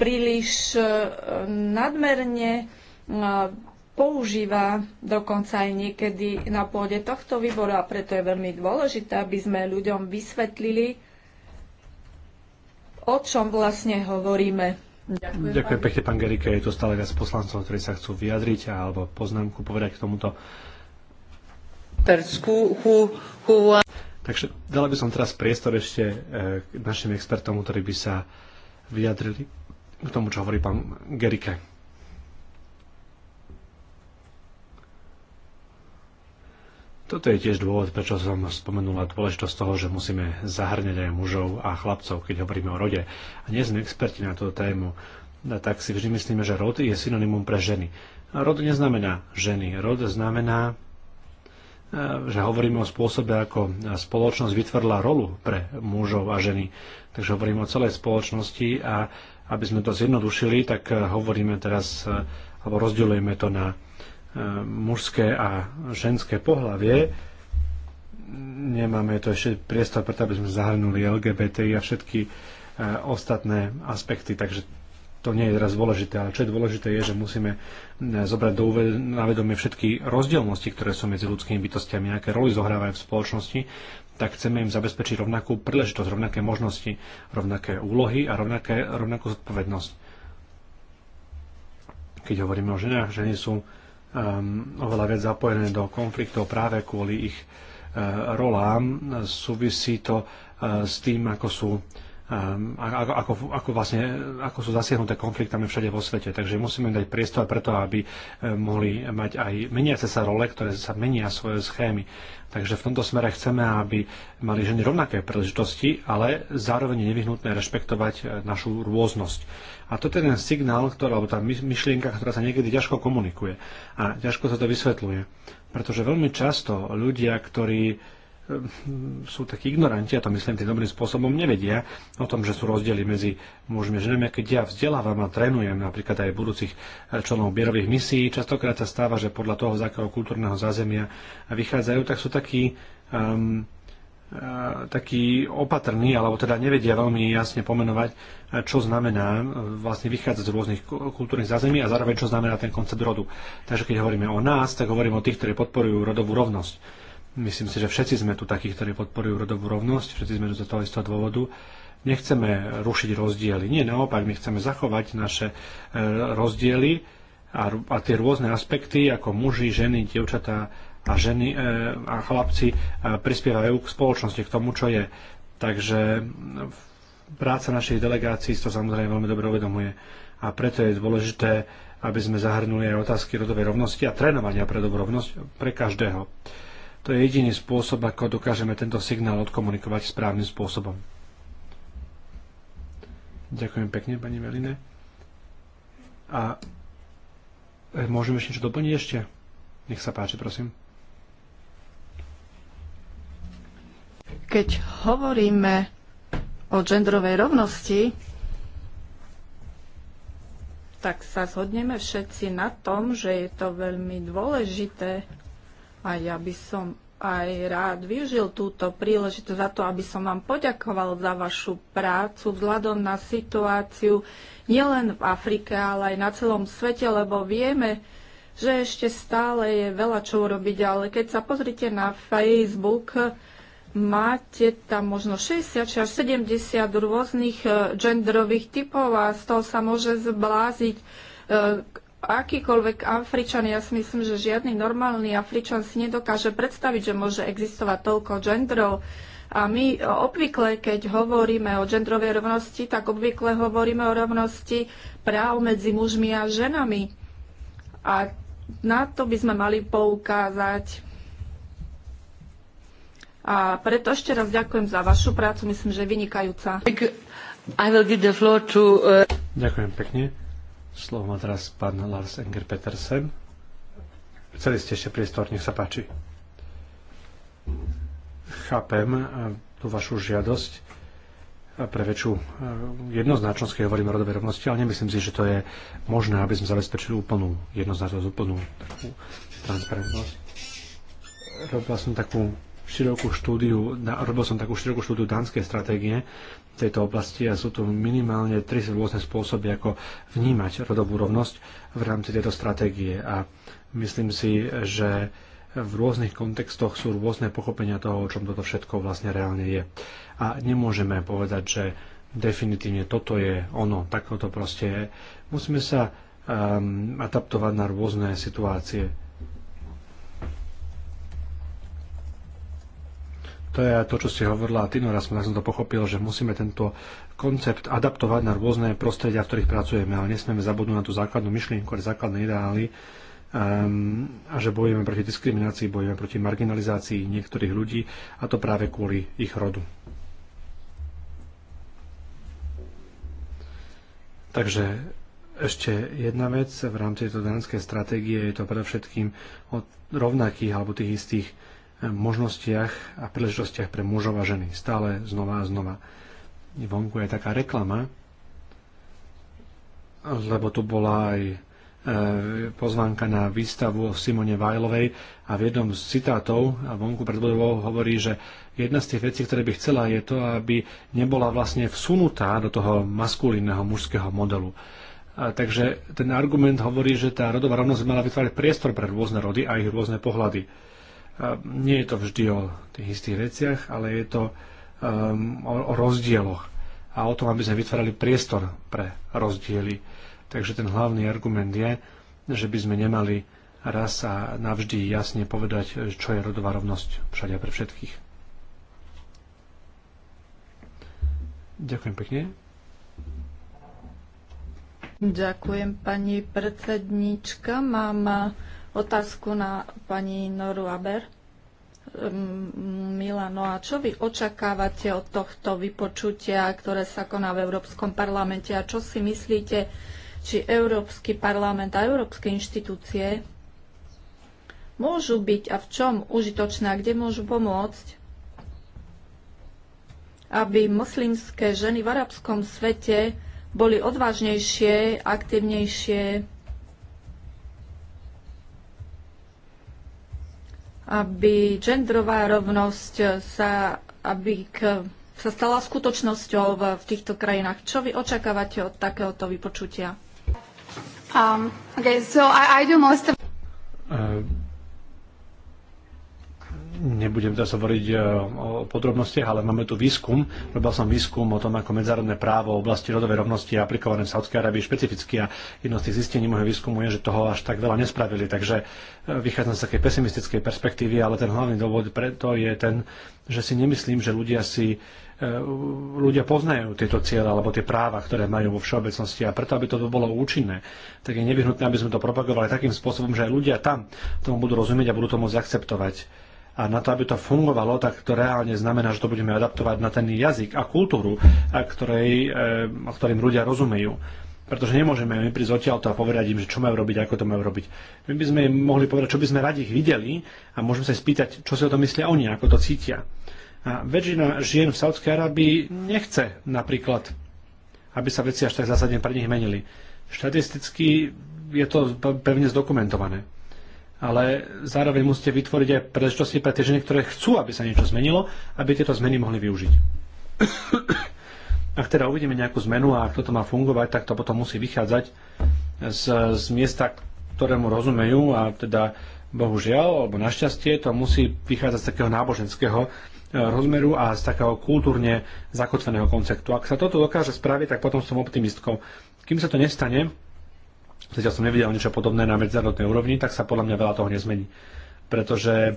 S1: príliš e, nadmerne e, používa dokonca aj niekedy na pôde tohto výboru a preto je veľmi dôležité, aby sme ľuďom vysvetlili, o čom vlastne hovoríme. Ďakujem, Ďakujem pán... pekne,
S2: pán Gerike. Je to stále viac poslancov, ktorí sa chcú vyjadriť alebo poznámku povedať k tomuto. Takže dala by som teraz priestor ešte e, k našim expertom, ktorí by sa vyjadrili k tomu, čo hovorí pán Gerike. Toto je tiež dôvod, prečo som spomenula dôležitosť toho, že musíme zahrňať aj mužov a chlapcov, keď hovoríme o rode. A nie sme experti na túto tému, a tak si vždy myslíme, že rod je synonymum pre ženy. A rod neznamená ženy, rod znamená E, že hovoríme o spôsobe, ako spoločnosť vytvorila rolu pre mužov a ženy. Takže hovoríme o celej spoločnosti a aby sme to zjednodušili, tak e, hovoríme teraz, e, alebo rozdeľujeme to na mužské a ženské pohlavie. Nemáme to ešte priestor, preto aby sme zahrnuli LGBTI a všetky ostatné aspekty, takže to nie je teraz dôležité, ale čo je dôležité je, že musíme eh, zobrať do na vedomie všetky rozdielnosti, ktoré sú medzi ľudskými bytostiami, aké roli zohrávajú v spoločnosti, tak chceme im zabezpečiť rovnakú príležitosť, rovnaké možnosti, rovnaké úlohy a rovnaké, rovnakú zodpovednosť. Keď hovoríme o ženách, ženy sú um, oveľa viac zapojené do konfliktov práve kvôli ich uh, rolám. Súvisí to uh, s tým, ako sú uh, Ehm, ako, ako, ako, vlastne, ako sú zasiahnuté konfliktami všade vo svete. Takže musíme dať priestor preto, aby e, mohli mať aj meniace sa role, ktoré sa menia svoje schémy. Takže v tomto smere chceme, aby mali ženy rovnaké príležitosti, ale zároveň je nevyhnutné rešpektovať e, našu rôznosť. A toto je ten signál, ktorá, alebo tá myšlienka, ktorá sa niekedy ťažko komunikuje a ťažko sa to vysvetľuje. Pretože veľmi často ľudia, ktorí Ehm, sú takí ignoranti, a to myslím tým dobrým spôsobom, nevedia o tom, že sú rozdiely medzi mužmi a ženami. Keď ja vzdelávam a trénujem napríklad aj budúcich eh, členov bierových misií, častokrát sa stáva, že podľa toho, z akého kultúrneho zázemia vychádzajú, tak sú takí um, takí opatrní, alebo teda nevedia veľmi jasne pomenovať, eh, čo znamená vlastne vychádzať z rôznych kultúrnych zázemí a zároveň čo znamená ten koncept rodu. Takže keď hovoríme o nás, tak hovoríme o tých, ktorí podporujú rodovú rovnosť Myslím si, že všetci sme tu takí, ktorí podporujú rodovú rovnosť, všetci sme tu za toho istého dôvodu. Nechceme rušiť rozdiely. Nie, naopak, my chceme zachovať naše e, rozdiely a, a tie rôzne aspekty, ako muži, ženy, dievčatá a ženy e, a chlapci e, prispievajú k spoločnosti, k tomu, čo je. Takže práca našich delegácií to samozrejme veľmi dobre uvedomuje a preto je dôležité, aby sme zahrnuli aj otázky rodovej rovnosti a trénovania pre dobrovnosť pre každého. To je jediný spôsob, ako dokážeme tento signál odkomunikovať správnym spôsobom. Ďakujem pekne, pani Meline. A e, môžeme ešte niečo doplniť ešte? Nech sa páči, prosím.
S1: Keď hovoríme o genderovej rovnosti, tak sa zhodneme všetci na tom, že je to veľmi dôležité a ja by som aj rád využil túto príležitosť za to, aby som vám poďakoval za vašu prácu vzhľadom na situáciu nielen v Afrike, ale aj na celom svete, lebo vieme, že ešte stále je veľa čo urobiť, ale keď sa pozrite na Facebook, máte tam možno 60 až 70 rôznych eh, genderových typov a z toho sa môže zbláziť eh, akýkoľvek Afričan, ja si myslím, že žiadny normálny Afričan si nedokáže predstaviť, že môže existovať toľko genderov. A my obvykle, keď hovoríme o genderovej rovnosti, tak obvykle hovoríme o rovnosti práv medzi mužmi a ženami. A na to by sme mali poukázať. A preto ešte raz ďakujem za vašu prácu, myslím, že je vynikajúca. I will give the floor to, uh...
S2: Ďakujem pekne. Slovo má teraz pán Lars Enger Petersen. Chceli ste ešte priestor, nech sa páči. Chápem e, tú vašu žiadosť e, pre väčšiu e, jednoznačnosť, keď hovoríme o rodovej rovnosti, ale nemyslím si, že to je možné, aby sme zabezpečili úplnú jednoznačnosť, úplnú takú transparentnosť. Robil som takú širokú štúdiu, robil som takú širokú štúdiu dánskej stratégie tejto oblasti a sú tu minimálne tri rôzne spôsoby, ako vnímať rodovú rovnosť v rámci tejto stratégie. A myslím si, že v rôznych kontextoch sú rôzne pochopenia toho, o čom toto všetko vlastne reálne je. A nemôžeme povedať, že definitívne toto je ono, takto to proste je. Musíme sa um, adaptovať na rôzne situácie To je to, čo ste hovorila, a tým raz som to pochopil, že musíme tento koncept adaptovať na rôzne prostredia, v ktorých pracujeme, ale nesmieme zabudnúť na tú základnú myšlienku, ale základné ideály, um, a že bojujeme proti diskriminácii, bojujeme proti marginalizácii niektorých ľudí a to práve kvôli ich rodu. Takže ešte jedna vec v rámci tejto danskej stratégie je to predovšetkým od rovnakých alebo tých istých možnostiach a príležitostiach pre mužov a ženy. Stále znova a znova. Vonku je taká reklama, lebo tu bola aj e, pozvánka na výstavu o Simone Vajlovej a v jednom z citátov a vonku pred budovou hovorí, že jedna z tých vecí, ktoré by chcela, je to, aby nebola vlastne vsunutá do toho maskulínneho mužského modelu. A takže ten argument hovorí, že tá rodová rovnosť mala vytvárať priestor pre rôzne rody a ich rôzne pohľady nie je to vždy o tých istých veciach, ale je to um, o, o rozdieloch a o tom, aby sme vytvárali priestor pre rozdiely. Takže ten hlavný argument je, že by sme nemali raz a navždy jasne povedať, čo je rodová rovnosť všade pre všetkých. Ďakujem pekne.
S1: Ďakujem pani predsednička. Mám otázku na pani Noru Aber. Milano, a čo vy očakávate od tohto vypočutia, ktoré sa koná v Európskom parlamente a čo si myslíte, či Európsky parlament a európske inštitúcie môžu byť a v čom užitočné a kde môžu pomôcť, aby moslimské ženy v arabskom svete boli odvážnejšie, aktívnejšie aby genderová rovnosť sa, aby k, sa stala skutočnosťou v, v týchto krajinách. Čo vy očakávate od takéhoto vypočutia? Um, okay, so I, I do most of...
S2: Uh Nebudem teraz hovoriť eh, o podrobnostiach, ale máme tu výskum. Robil som výskum o tom, ako medzárodné právo v oblasti rodovej rovnosti je aplikované v Saudskej Arabii špecificky a jedno z tých zistení môjho výskumu je, že toho až tak veľa nespravili. Takže eh, vychádzam z takej pesimistickej perspektívy, ale ten hlavný dôvod preto je ten, že si nemyslím, že ľudia si eh, ľudia poznajú tieto cieľe alebo tie práva, ktoré majú vo všeobecnosti a preto, aby to bolo účinné, tak je nevyhnutné, aby sme to propagovali takým spôsobom, že aj ľudia tam tomu budú rozumieť a budú to môcť akceptovať a na to, aby to fungovalo, tak to reálne znamená, že to budeme adaptovať na ten jazyk a kultúru, a e, ktorej, a e, ktorým ľudia rozumejú. Pretože nemôžeme my prísť odtiaľto a povedať im, že čo majú robiť, ako to majú robiť. My by sme im mohli povedať, čo by sme radi ich videli a môžeme sa spýtať, čo si o tom myslia oni, ako to cítia. A väčšina žien v Saudskej Arábii nechce napríklad, aby sa veci až tak zásadne pre nich menili. Štatisticky je to pevne zdokumentované ale zároveň musíte vytvoriť aj príležitosti pre tie ženy, ktoré chcú, aby sa niečo zmenilo, aby tieto zmeny mohli využiť. Ak teda uvidíme nejakú zmenu a ak toto má fungovať, tak to potom musí vychádzať z, z miesta, ktorému rozumejú a teda bohužiaľ, alebo našťastie, to musí vychádzať z takého náboženského e, rozmeru a z takého kultúrne zakotveného konceptu. Ak sa toto dokáže spraviť, tak potom som optimistkou. Kým sa to nestane, zatiaľ som nevidel niečo podobné na medzinárodnej úrovni, tak sa podľa mňa veľa toho nezmení. Pretože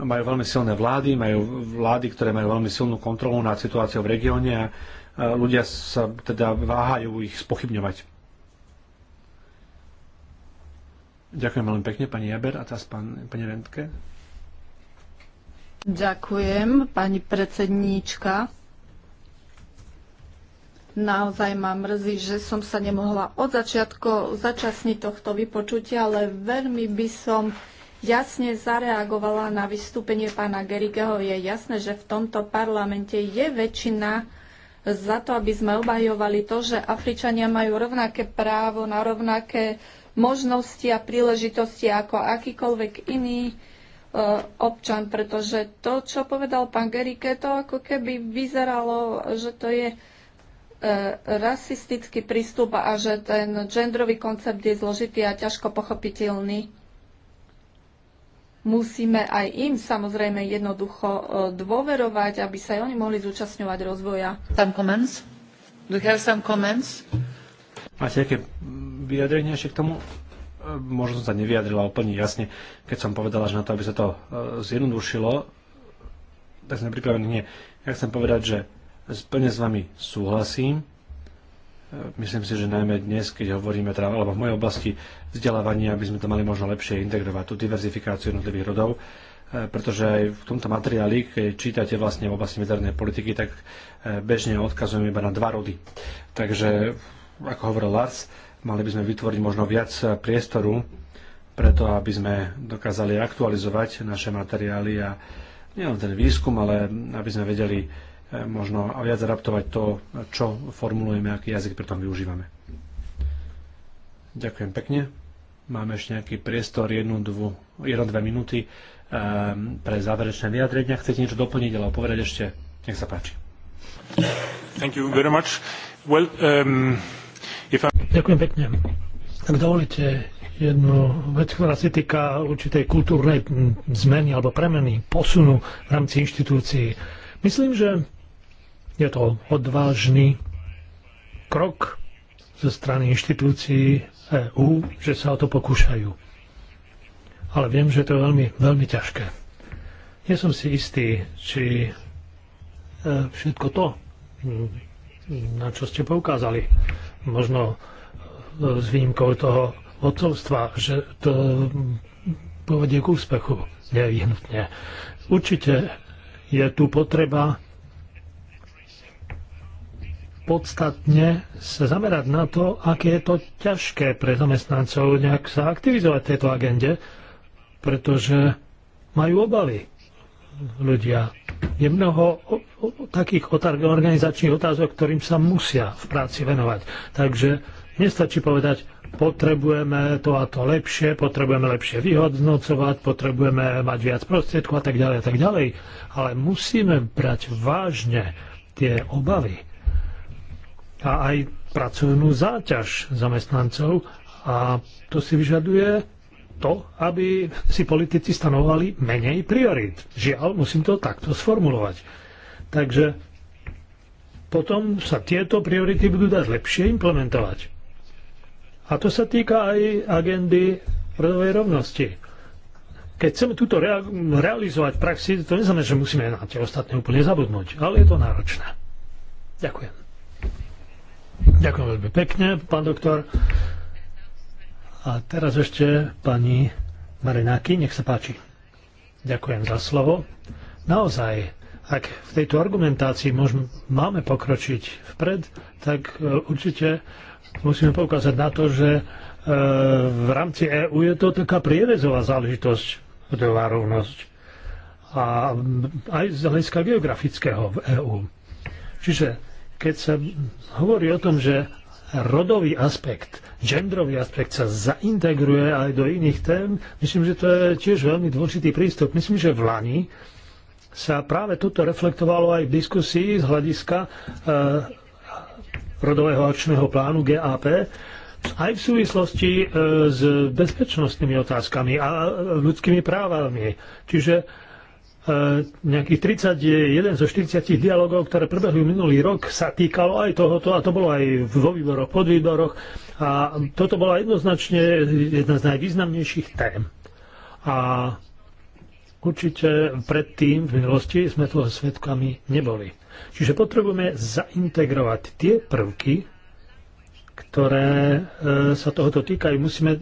S2: majú veľmi silné vlády, majú vlády, ktoré majú veľmi silnú kontrolu nad situáciou v regióne a ľudia sa teda váhajú ich spochybňovať. Ďakujem veľmi pekne, pani Jaber a teraz pán, pani Rentke.
S1: Ďakujem, pani predsedníčka. Naozaj ma mrzí, že som sa nemohla od začiatku začasniť tohto vypočutia, ale veľmi by som jasne zareagovala na vystúpenie pána Gerigeho. Je jasné, že v tomto parlamente je väčšina za to, aby sme obhajovali to, že Afričania majú rovnaké právo na rovnaké možnosti a príležitosti ako akýkoľvek iný e, občan, pretože to, čo povedal pán Gerike, to ako keby vyzeralo, že to je E, rasistický prístup a že ten genderový koncept je zložitý a ťažko pochopiteľný. Musíme aj im samozrejme jednoducho e, dôverovať, aby sa aj oni mohli zúčastňovať rozvoja. Some comments? Do you have some comments?
S2: Máte nejaké vyjadrenia ešte k tomu? E, možno som sa nevyjadrila úplne jasne, keď som povedala, že na to, aby sa to zjednodušilo, tak sme pripravení. Nie. Ja chcem povedať, že Plne s vami súhlasím. E, myslím si, že najmä dnes, keď hovoríme, teda, alebo v mojej oblasti vzdelávania, aby sme to mali možno lepšie integrovať, tú diverzifikáciu jednotlivých rodov, e, pretože aj v tomto materiáli, keď čítate vlastne v oblasti medernej politiky, tak e, bežne odkazujem iba na dva rody. Takže, ako hovoril Lars, mali by sme vytvoriť možno viac priestoru preto, aby sme dokázali aktualizovať naše materiály a nielen ten výskum, ale aby sme vedeli možno a viac adaptovať to, čo formulujeme, aký jazyk pri tom využívame. Ďakujem pekne. Máme ešte nejaký priestor, jednu, dvu, jedno, dve minúty um, pre záverečné vyjadrenia. Chcete niečo doplniť alebo povedať ešte? Nech sa páči.
S3: Thank you very much.
S2: Well, um, if I...
S3: Ďakujem pekne. Tak dovolíte jednu vec, ktorá sa týka určitej kultúrnej zmeny alebo premeny, posunu v rámci inštitúcií. Myslím, že je to odvážny krok ze strany inštitúcií EÚ, že sa o to pokúšajú. Ale viem, že to je veľmi, veľmi ťažké. Nie som si istý, či e, všetko to, na čo ste poukázali, možno e, s výnimkou toho odcovstva, že to povedie k úspechu nevyhnutne. Určite je tu potreba podstatne sa zamerať na to, aké je to ťažké pre zamestnancov nejak sa aktivizovať v tejto agende, pretože majú obavy ľudia. Je mnoho o, o, takých organizačných otázok, ktorým sa musia v práci venovať. Takže nestačí povedať, potrebujeme to a to lepšie, potrebujeme lepšie vyhodnocovať, potrebujeme mať viac prostriedkov a tak ďalej a tak ďalej. Ale musíme brať vážne tie obavy a aj pracovnú záťaž zamestnancov a to si vyžaduje to, aby si politici stanovali menej priorit. Žiaľ, musím to takto sformulovať. Takže potom sa tieto priority budú dať lepšie implementovať. A to sa týka aj agendy rodovej rovnosti. Keď chceme túto rea- realizovať v praxi, to neznamená, že musíme na tie ostatné úplne zabudnúť, ale je to náročné. Ďakujem. Ďakujem veľmi pekne, pán doktor. A teraz ešte pani Marináky, nech sa páči. Ďakujem za slovo. Naozaj, ak v tejto argumentácii môžem, máme pokročiť vpred, tak e, určite musíme poukázať na to, že e, v rámci EÚ je to taká prierezová záležitosť, rodová rovnosť. A aj z hľadiska geografického v EÚ. Čiže keď sa hovorí o tom, že rodový aspekt, genderový aspekt sa zaintegruje aj do iných tém, myslím, že to je tiež veľmi dôležitý prístup. Myslím, že v Lani sa práve toto reflektovalo aj v diskusii z hľadiska e, rodového akčného plánu GAP, aj v súvislosti e, s bezpečnostnými otázkami a ľudskými právami. Čiže E, nejakých 31 e, zo 40 dialogov, ktoré prebehli minulý rok, sa týkalo aj tohoto, a to bolo aj vo výboroch, podvýboroch. A toto bola jednoznačne jedna z najvýznamnejších tém. A určite predtým v minulosti sme toho svetkami neboli. Čiže potrebujeme zaintegrovať tie prvky, ktoré e, sa tohoto týkajú. Musíme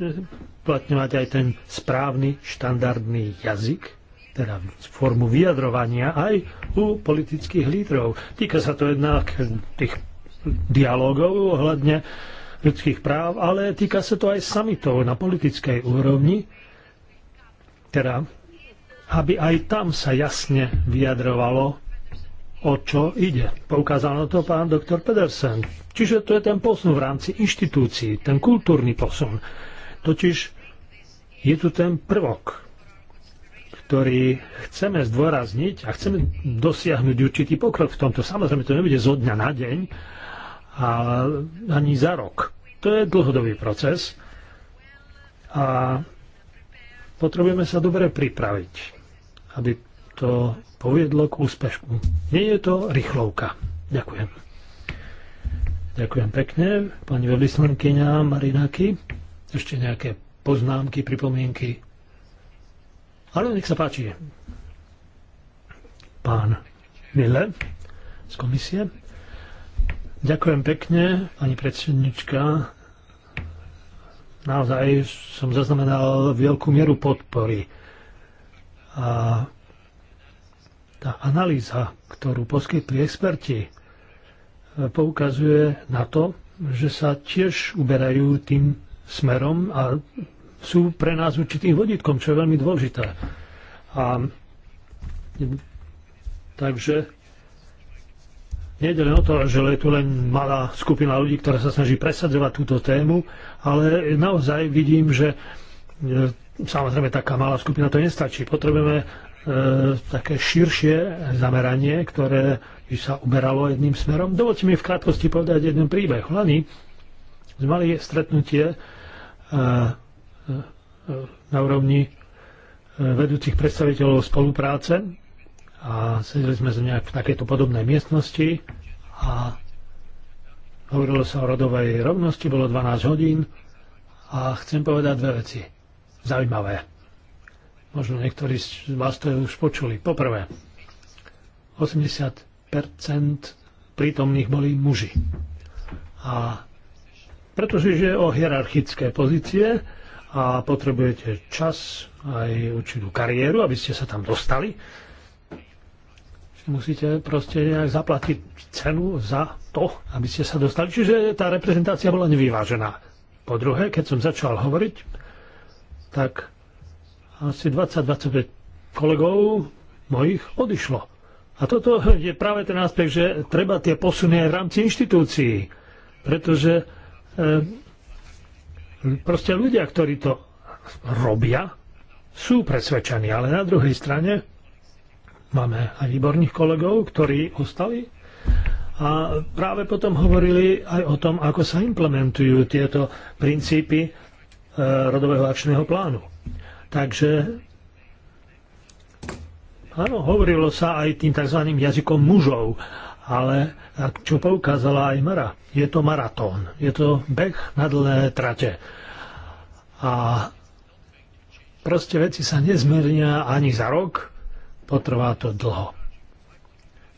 S3: platňovať aj ten správny štandardný jazyk, teda formu vyjadrovania aj u politických lídrov. Týka sa to jednak tých dialogov ohľadne ľudských práv, ale týka sa to aj samitov na politickej úrovni, teda aby aj tam sa jasne vyjadrovalo, o čo ide. Poukázal na to pán doktor Pedersen. Čiže to je ten posun v rámci inštitúcií, ten kultúrny posun. Totiž je tu ten prvok ktorý chceme zdôrazniť a chceme dosiahnuť určitý pokrok v tomto. Samozrejme, to nebude zo dňa na deň a ani za rok. To je dlhodobý proces a potrebujeme sa dobre pripraviť, aby to poviedlo k úspešku. Nie je to rýchlovka. Ďakujem. Ďakujem pekne, pani veľvyslankyňa Marináky. Ešte nejaké poznámky, pripomienky? Ale nech sa páči. Pán Mille z komisie. Ďakujem pekne, pani predsednička. Naozaj som zaznamenal veľkú mieru podpory. A tá analýza, ktorú poskytli experti, poukazuje na to, že sa tiež uberajú tým smerom a sú pre nás určitým vodítkom, čo je veľmi dôležité. A, takže nejde len o to, že je tu len malá skupina ľudí, ktorá sa snaží presadzovať túto tému, ale naozaj vidím, že e, samozrejme taká malá skupina to nestačí. Potrebujeme e, také širšie zameranie, ktoré by sa uberalo jedným smerom. Dovolte mi v krátkosti povedať jeden príbeh. Lani sme mali stretnutie e, na úrovni e, vedúcich predstaviteľov spolupráce a sedeli sme nejak v takéto podobnej miestnosti a hovorilo sa o rodovej rovnosti, bolo 12 hodín a chcem povedať dve veci zaujímavé. Možno niektorí z vás to už počuli. Poprvé, 80% prítomných boli muži. A pretože ide o hierarchické pozície, a potrebujete čas aj určitú kariéru, aby ste sa tam dostali. Musíte proste nejak zaplatiť cenu za to, aby ste sa dostali. Čiže tá reprezentácia bola nevyvážená. Po druhé, keď som začal hovoriť, tak asi 20-25 kolegov mojich odišlo. A toto je práve ten aspekt, že treba tie posuny aj v rámci inštitúcií. Pretože e, Proste ľudia, ktorí to robia, sú presvedčení, ale na druhej strane máme aj výborných kolegov, ktorí ostali a práve potom hovorili aj o tom, ako sa implementujú tieto princípy e, rodového akčného plánu. Takže áno, hovorilo sa aj tým tzv. jazykom mužov ale čo poukázala aj Mara, je to maratón, je to beh na dlhé trate. A proste veci sa nezmernia ani za rok, potrvá to dlho.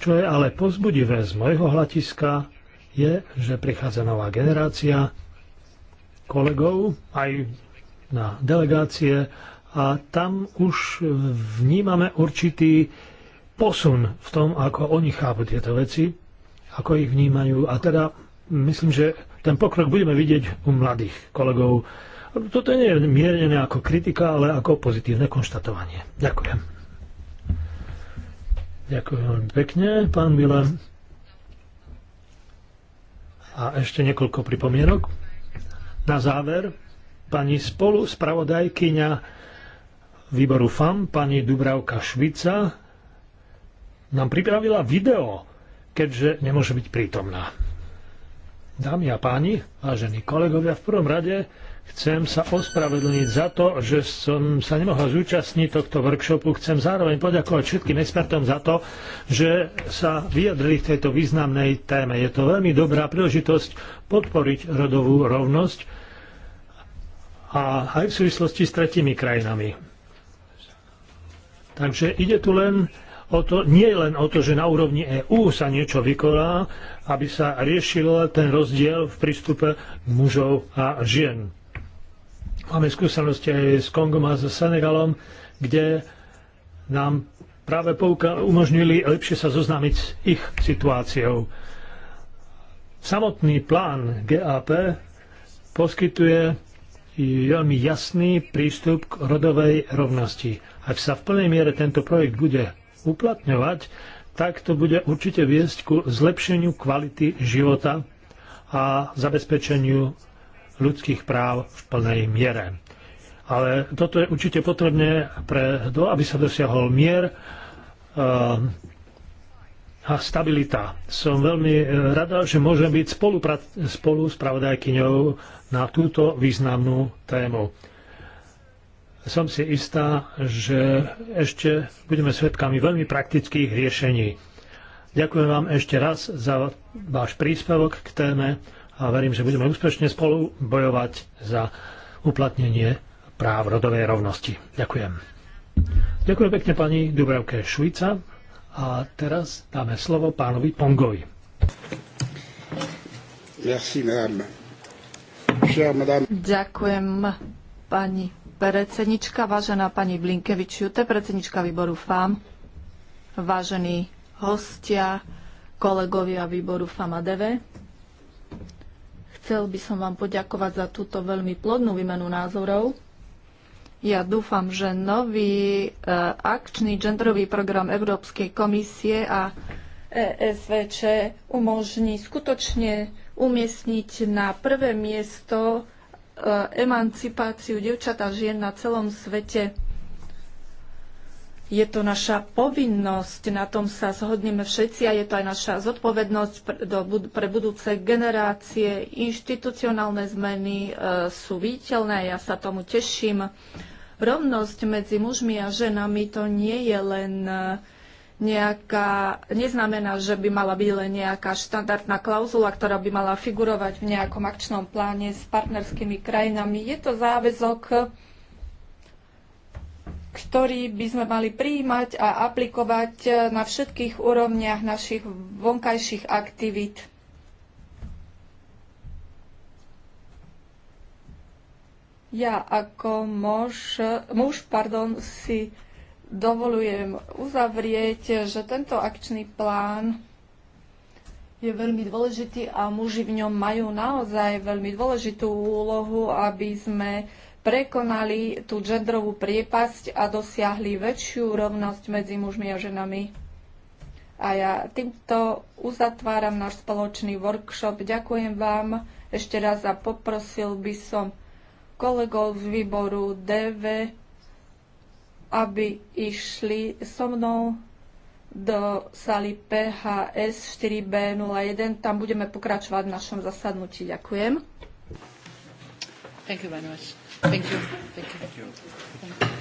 S3: Čo je ale pozbudivé z môjho hľadiska, je, že prichádza nová generácia kolegov aj na delegácie a tam už vnímame určitý posun v tom, ako oni chápu tieto veci, ako ich vnímajú. A teda myslím, že ten pokrok budeme vidieť u mladých kolegov. Toto nie je mierené ako kritika, ale ako pozitívne konštatovanie. Ďakujem. Ďakujem veľmi pekne, pán Milan. A ešte niekoľko pripomienok. Na záver, pani spolu spravodajkyňa výboru FAM, pani Dubravka Švica, nám pripravila video, keďže nemôže byť prítomná. Dámy a páni, vážení kolegovia, v prvom rade chcem sa ospravedlniť za to, že som sa nemohla zúčastniť tohto workshopu. Chcem zároveň poďakovať všetkým expertom za to, že sa vyjadrili v tejto významnej téme. Je to veľmi dobrá príležitosť podporiť rodovú rovnosť a aj v súvislosti s tretími krajinami. Takže ide tu len o to, nie len o to, že na úrovni EÚ sa niečo vykoná, aby sa riešil ten rozdiel v prístupe mužov a žien. Máme skúsenosti aj s Kongom a s Senegalom, kde nám práve umožnili lepšie sa zoznámiť s ich situáciou. Samotný plán GAP poskytuje veľmi jasný prístup k rodovej rovnosti. Ak sa v plnej miere tento projekt bude uplatňovať, tak to bude určite viesť ku zlepšeniu kvality života a zabezpečeniu ľudských práv v plnej miere. Ale toto je určite potrebné pre to, aby sa dosiahol mier eh, a stabilita. Som veľmi eh, rada, že môžem byť spolu, spolu pravodajkyňou na túto významnú tému som si istá, že ešte budeme svedkami veľmi praktických riešení. Ďakujem vám ešte raz za váš príspevok k téme a verím, že budeme úspešne spolu bojovať za uplatnenie práv rodovej rovnosti. Ďakujem. Ďakujem pekne pani Dubravke Švica a teraz dáme slovo pánovi Pongovi.
S1: Ďakujem, pani predsednička, vážená pani Blinkevičiute, predsednička výboru FAM, vážení hostia, kolegovia výboru FAM a DV. Chcel by som vám poďakovať za túto veľmi plodnú výmenu názorov. Ja dúfam, že nový e, akčný genderový program Európskej komisie a ESVČ umožní skutočne umiestniť na prvé miesto Eh, emancipáciu dievčat a žien na celom svete. Je to naša povinnosť, na tom sa zhodneme všetci a je to aj naša zodpovednosť pre, do, pre budúce generácie. Inštitucionálne zmeny e, sú viditeľné, ja sa tomu teším. Rovnosť medzi mužmi a ženami to nie je len e, nejaká, neznamená, že by mala byť len nejaká štandardná klauzula, ktorá by mala figurovať v nejakom akčnom pláne s partnerskými krajinami. Je to záväzok, ktorý by sme mali prijímať a aplikovať na všetkých úrovniach našich vonkajších aktivít. Ja ako muž, muž pardon, si dovolujem uzavrieť, že tento akčný plán je veľmi dôležitý a muži v ňom majú naozaj veľmi dôležitú úlohu, aby sme prekonali tú genderovú priepasť a dosiahli väčšiu rovnosť medzi mužmi a ženami. A ja týmto uzatváram náš spoločný workshop. Ďakujem vám ešte raz a poprosil by som kolegov z výboru DV, aby išli so mnou do sály PHS 4B01. Tam budeme pokračovať v našom zasadnutí. Ďakujem. Thank you very
S2: much. Thank you. Thank you. Thank you. Thank you.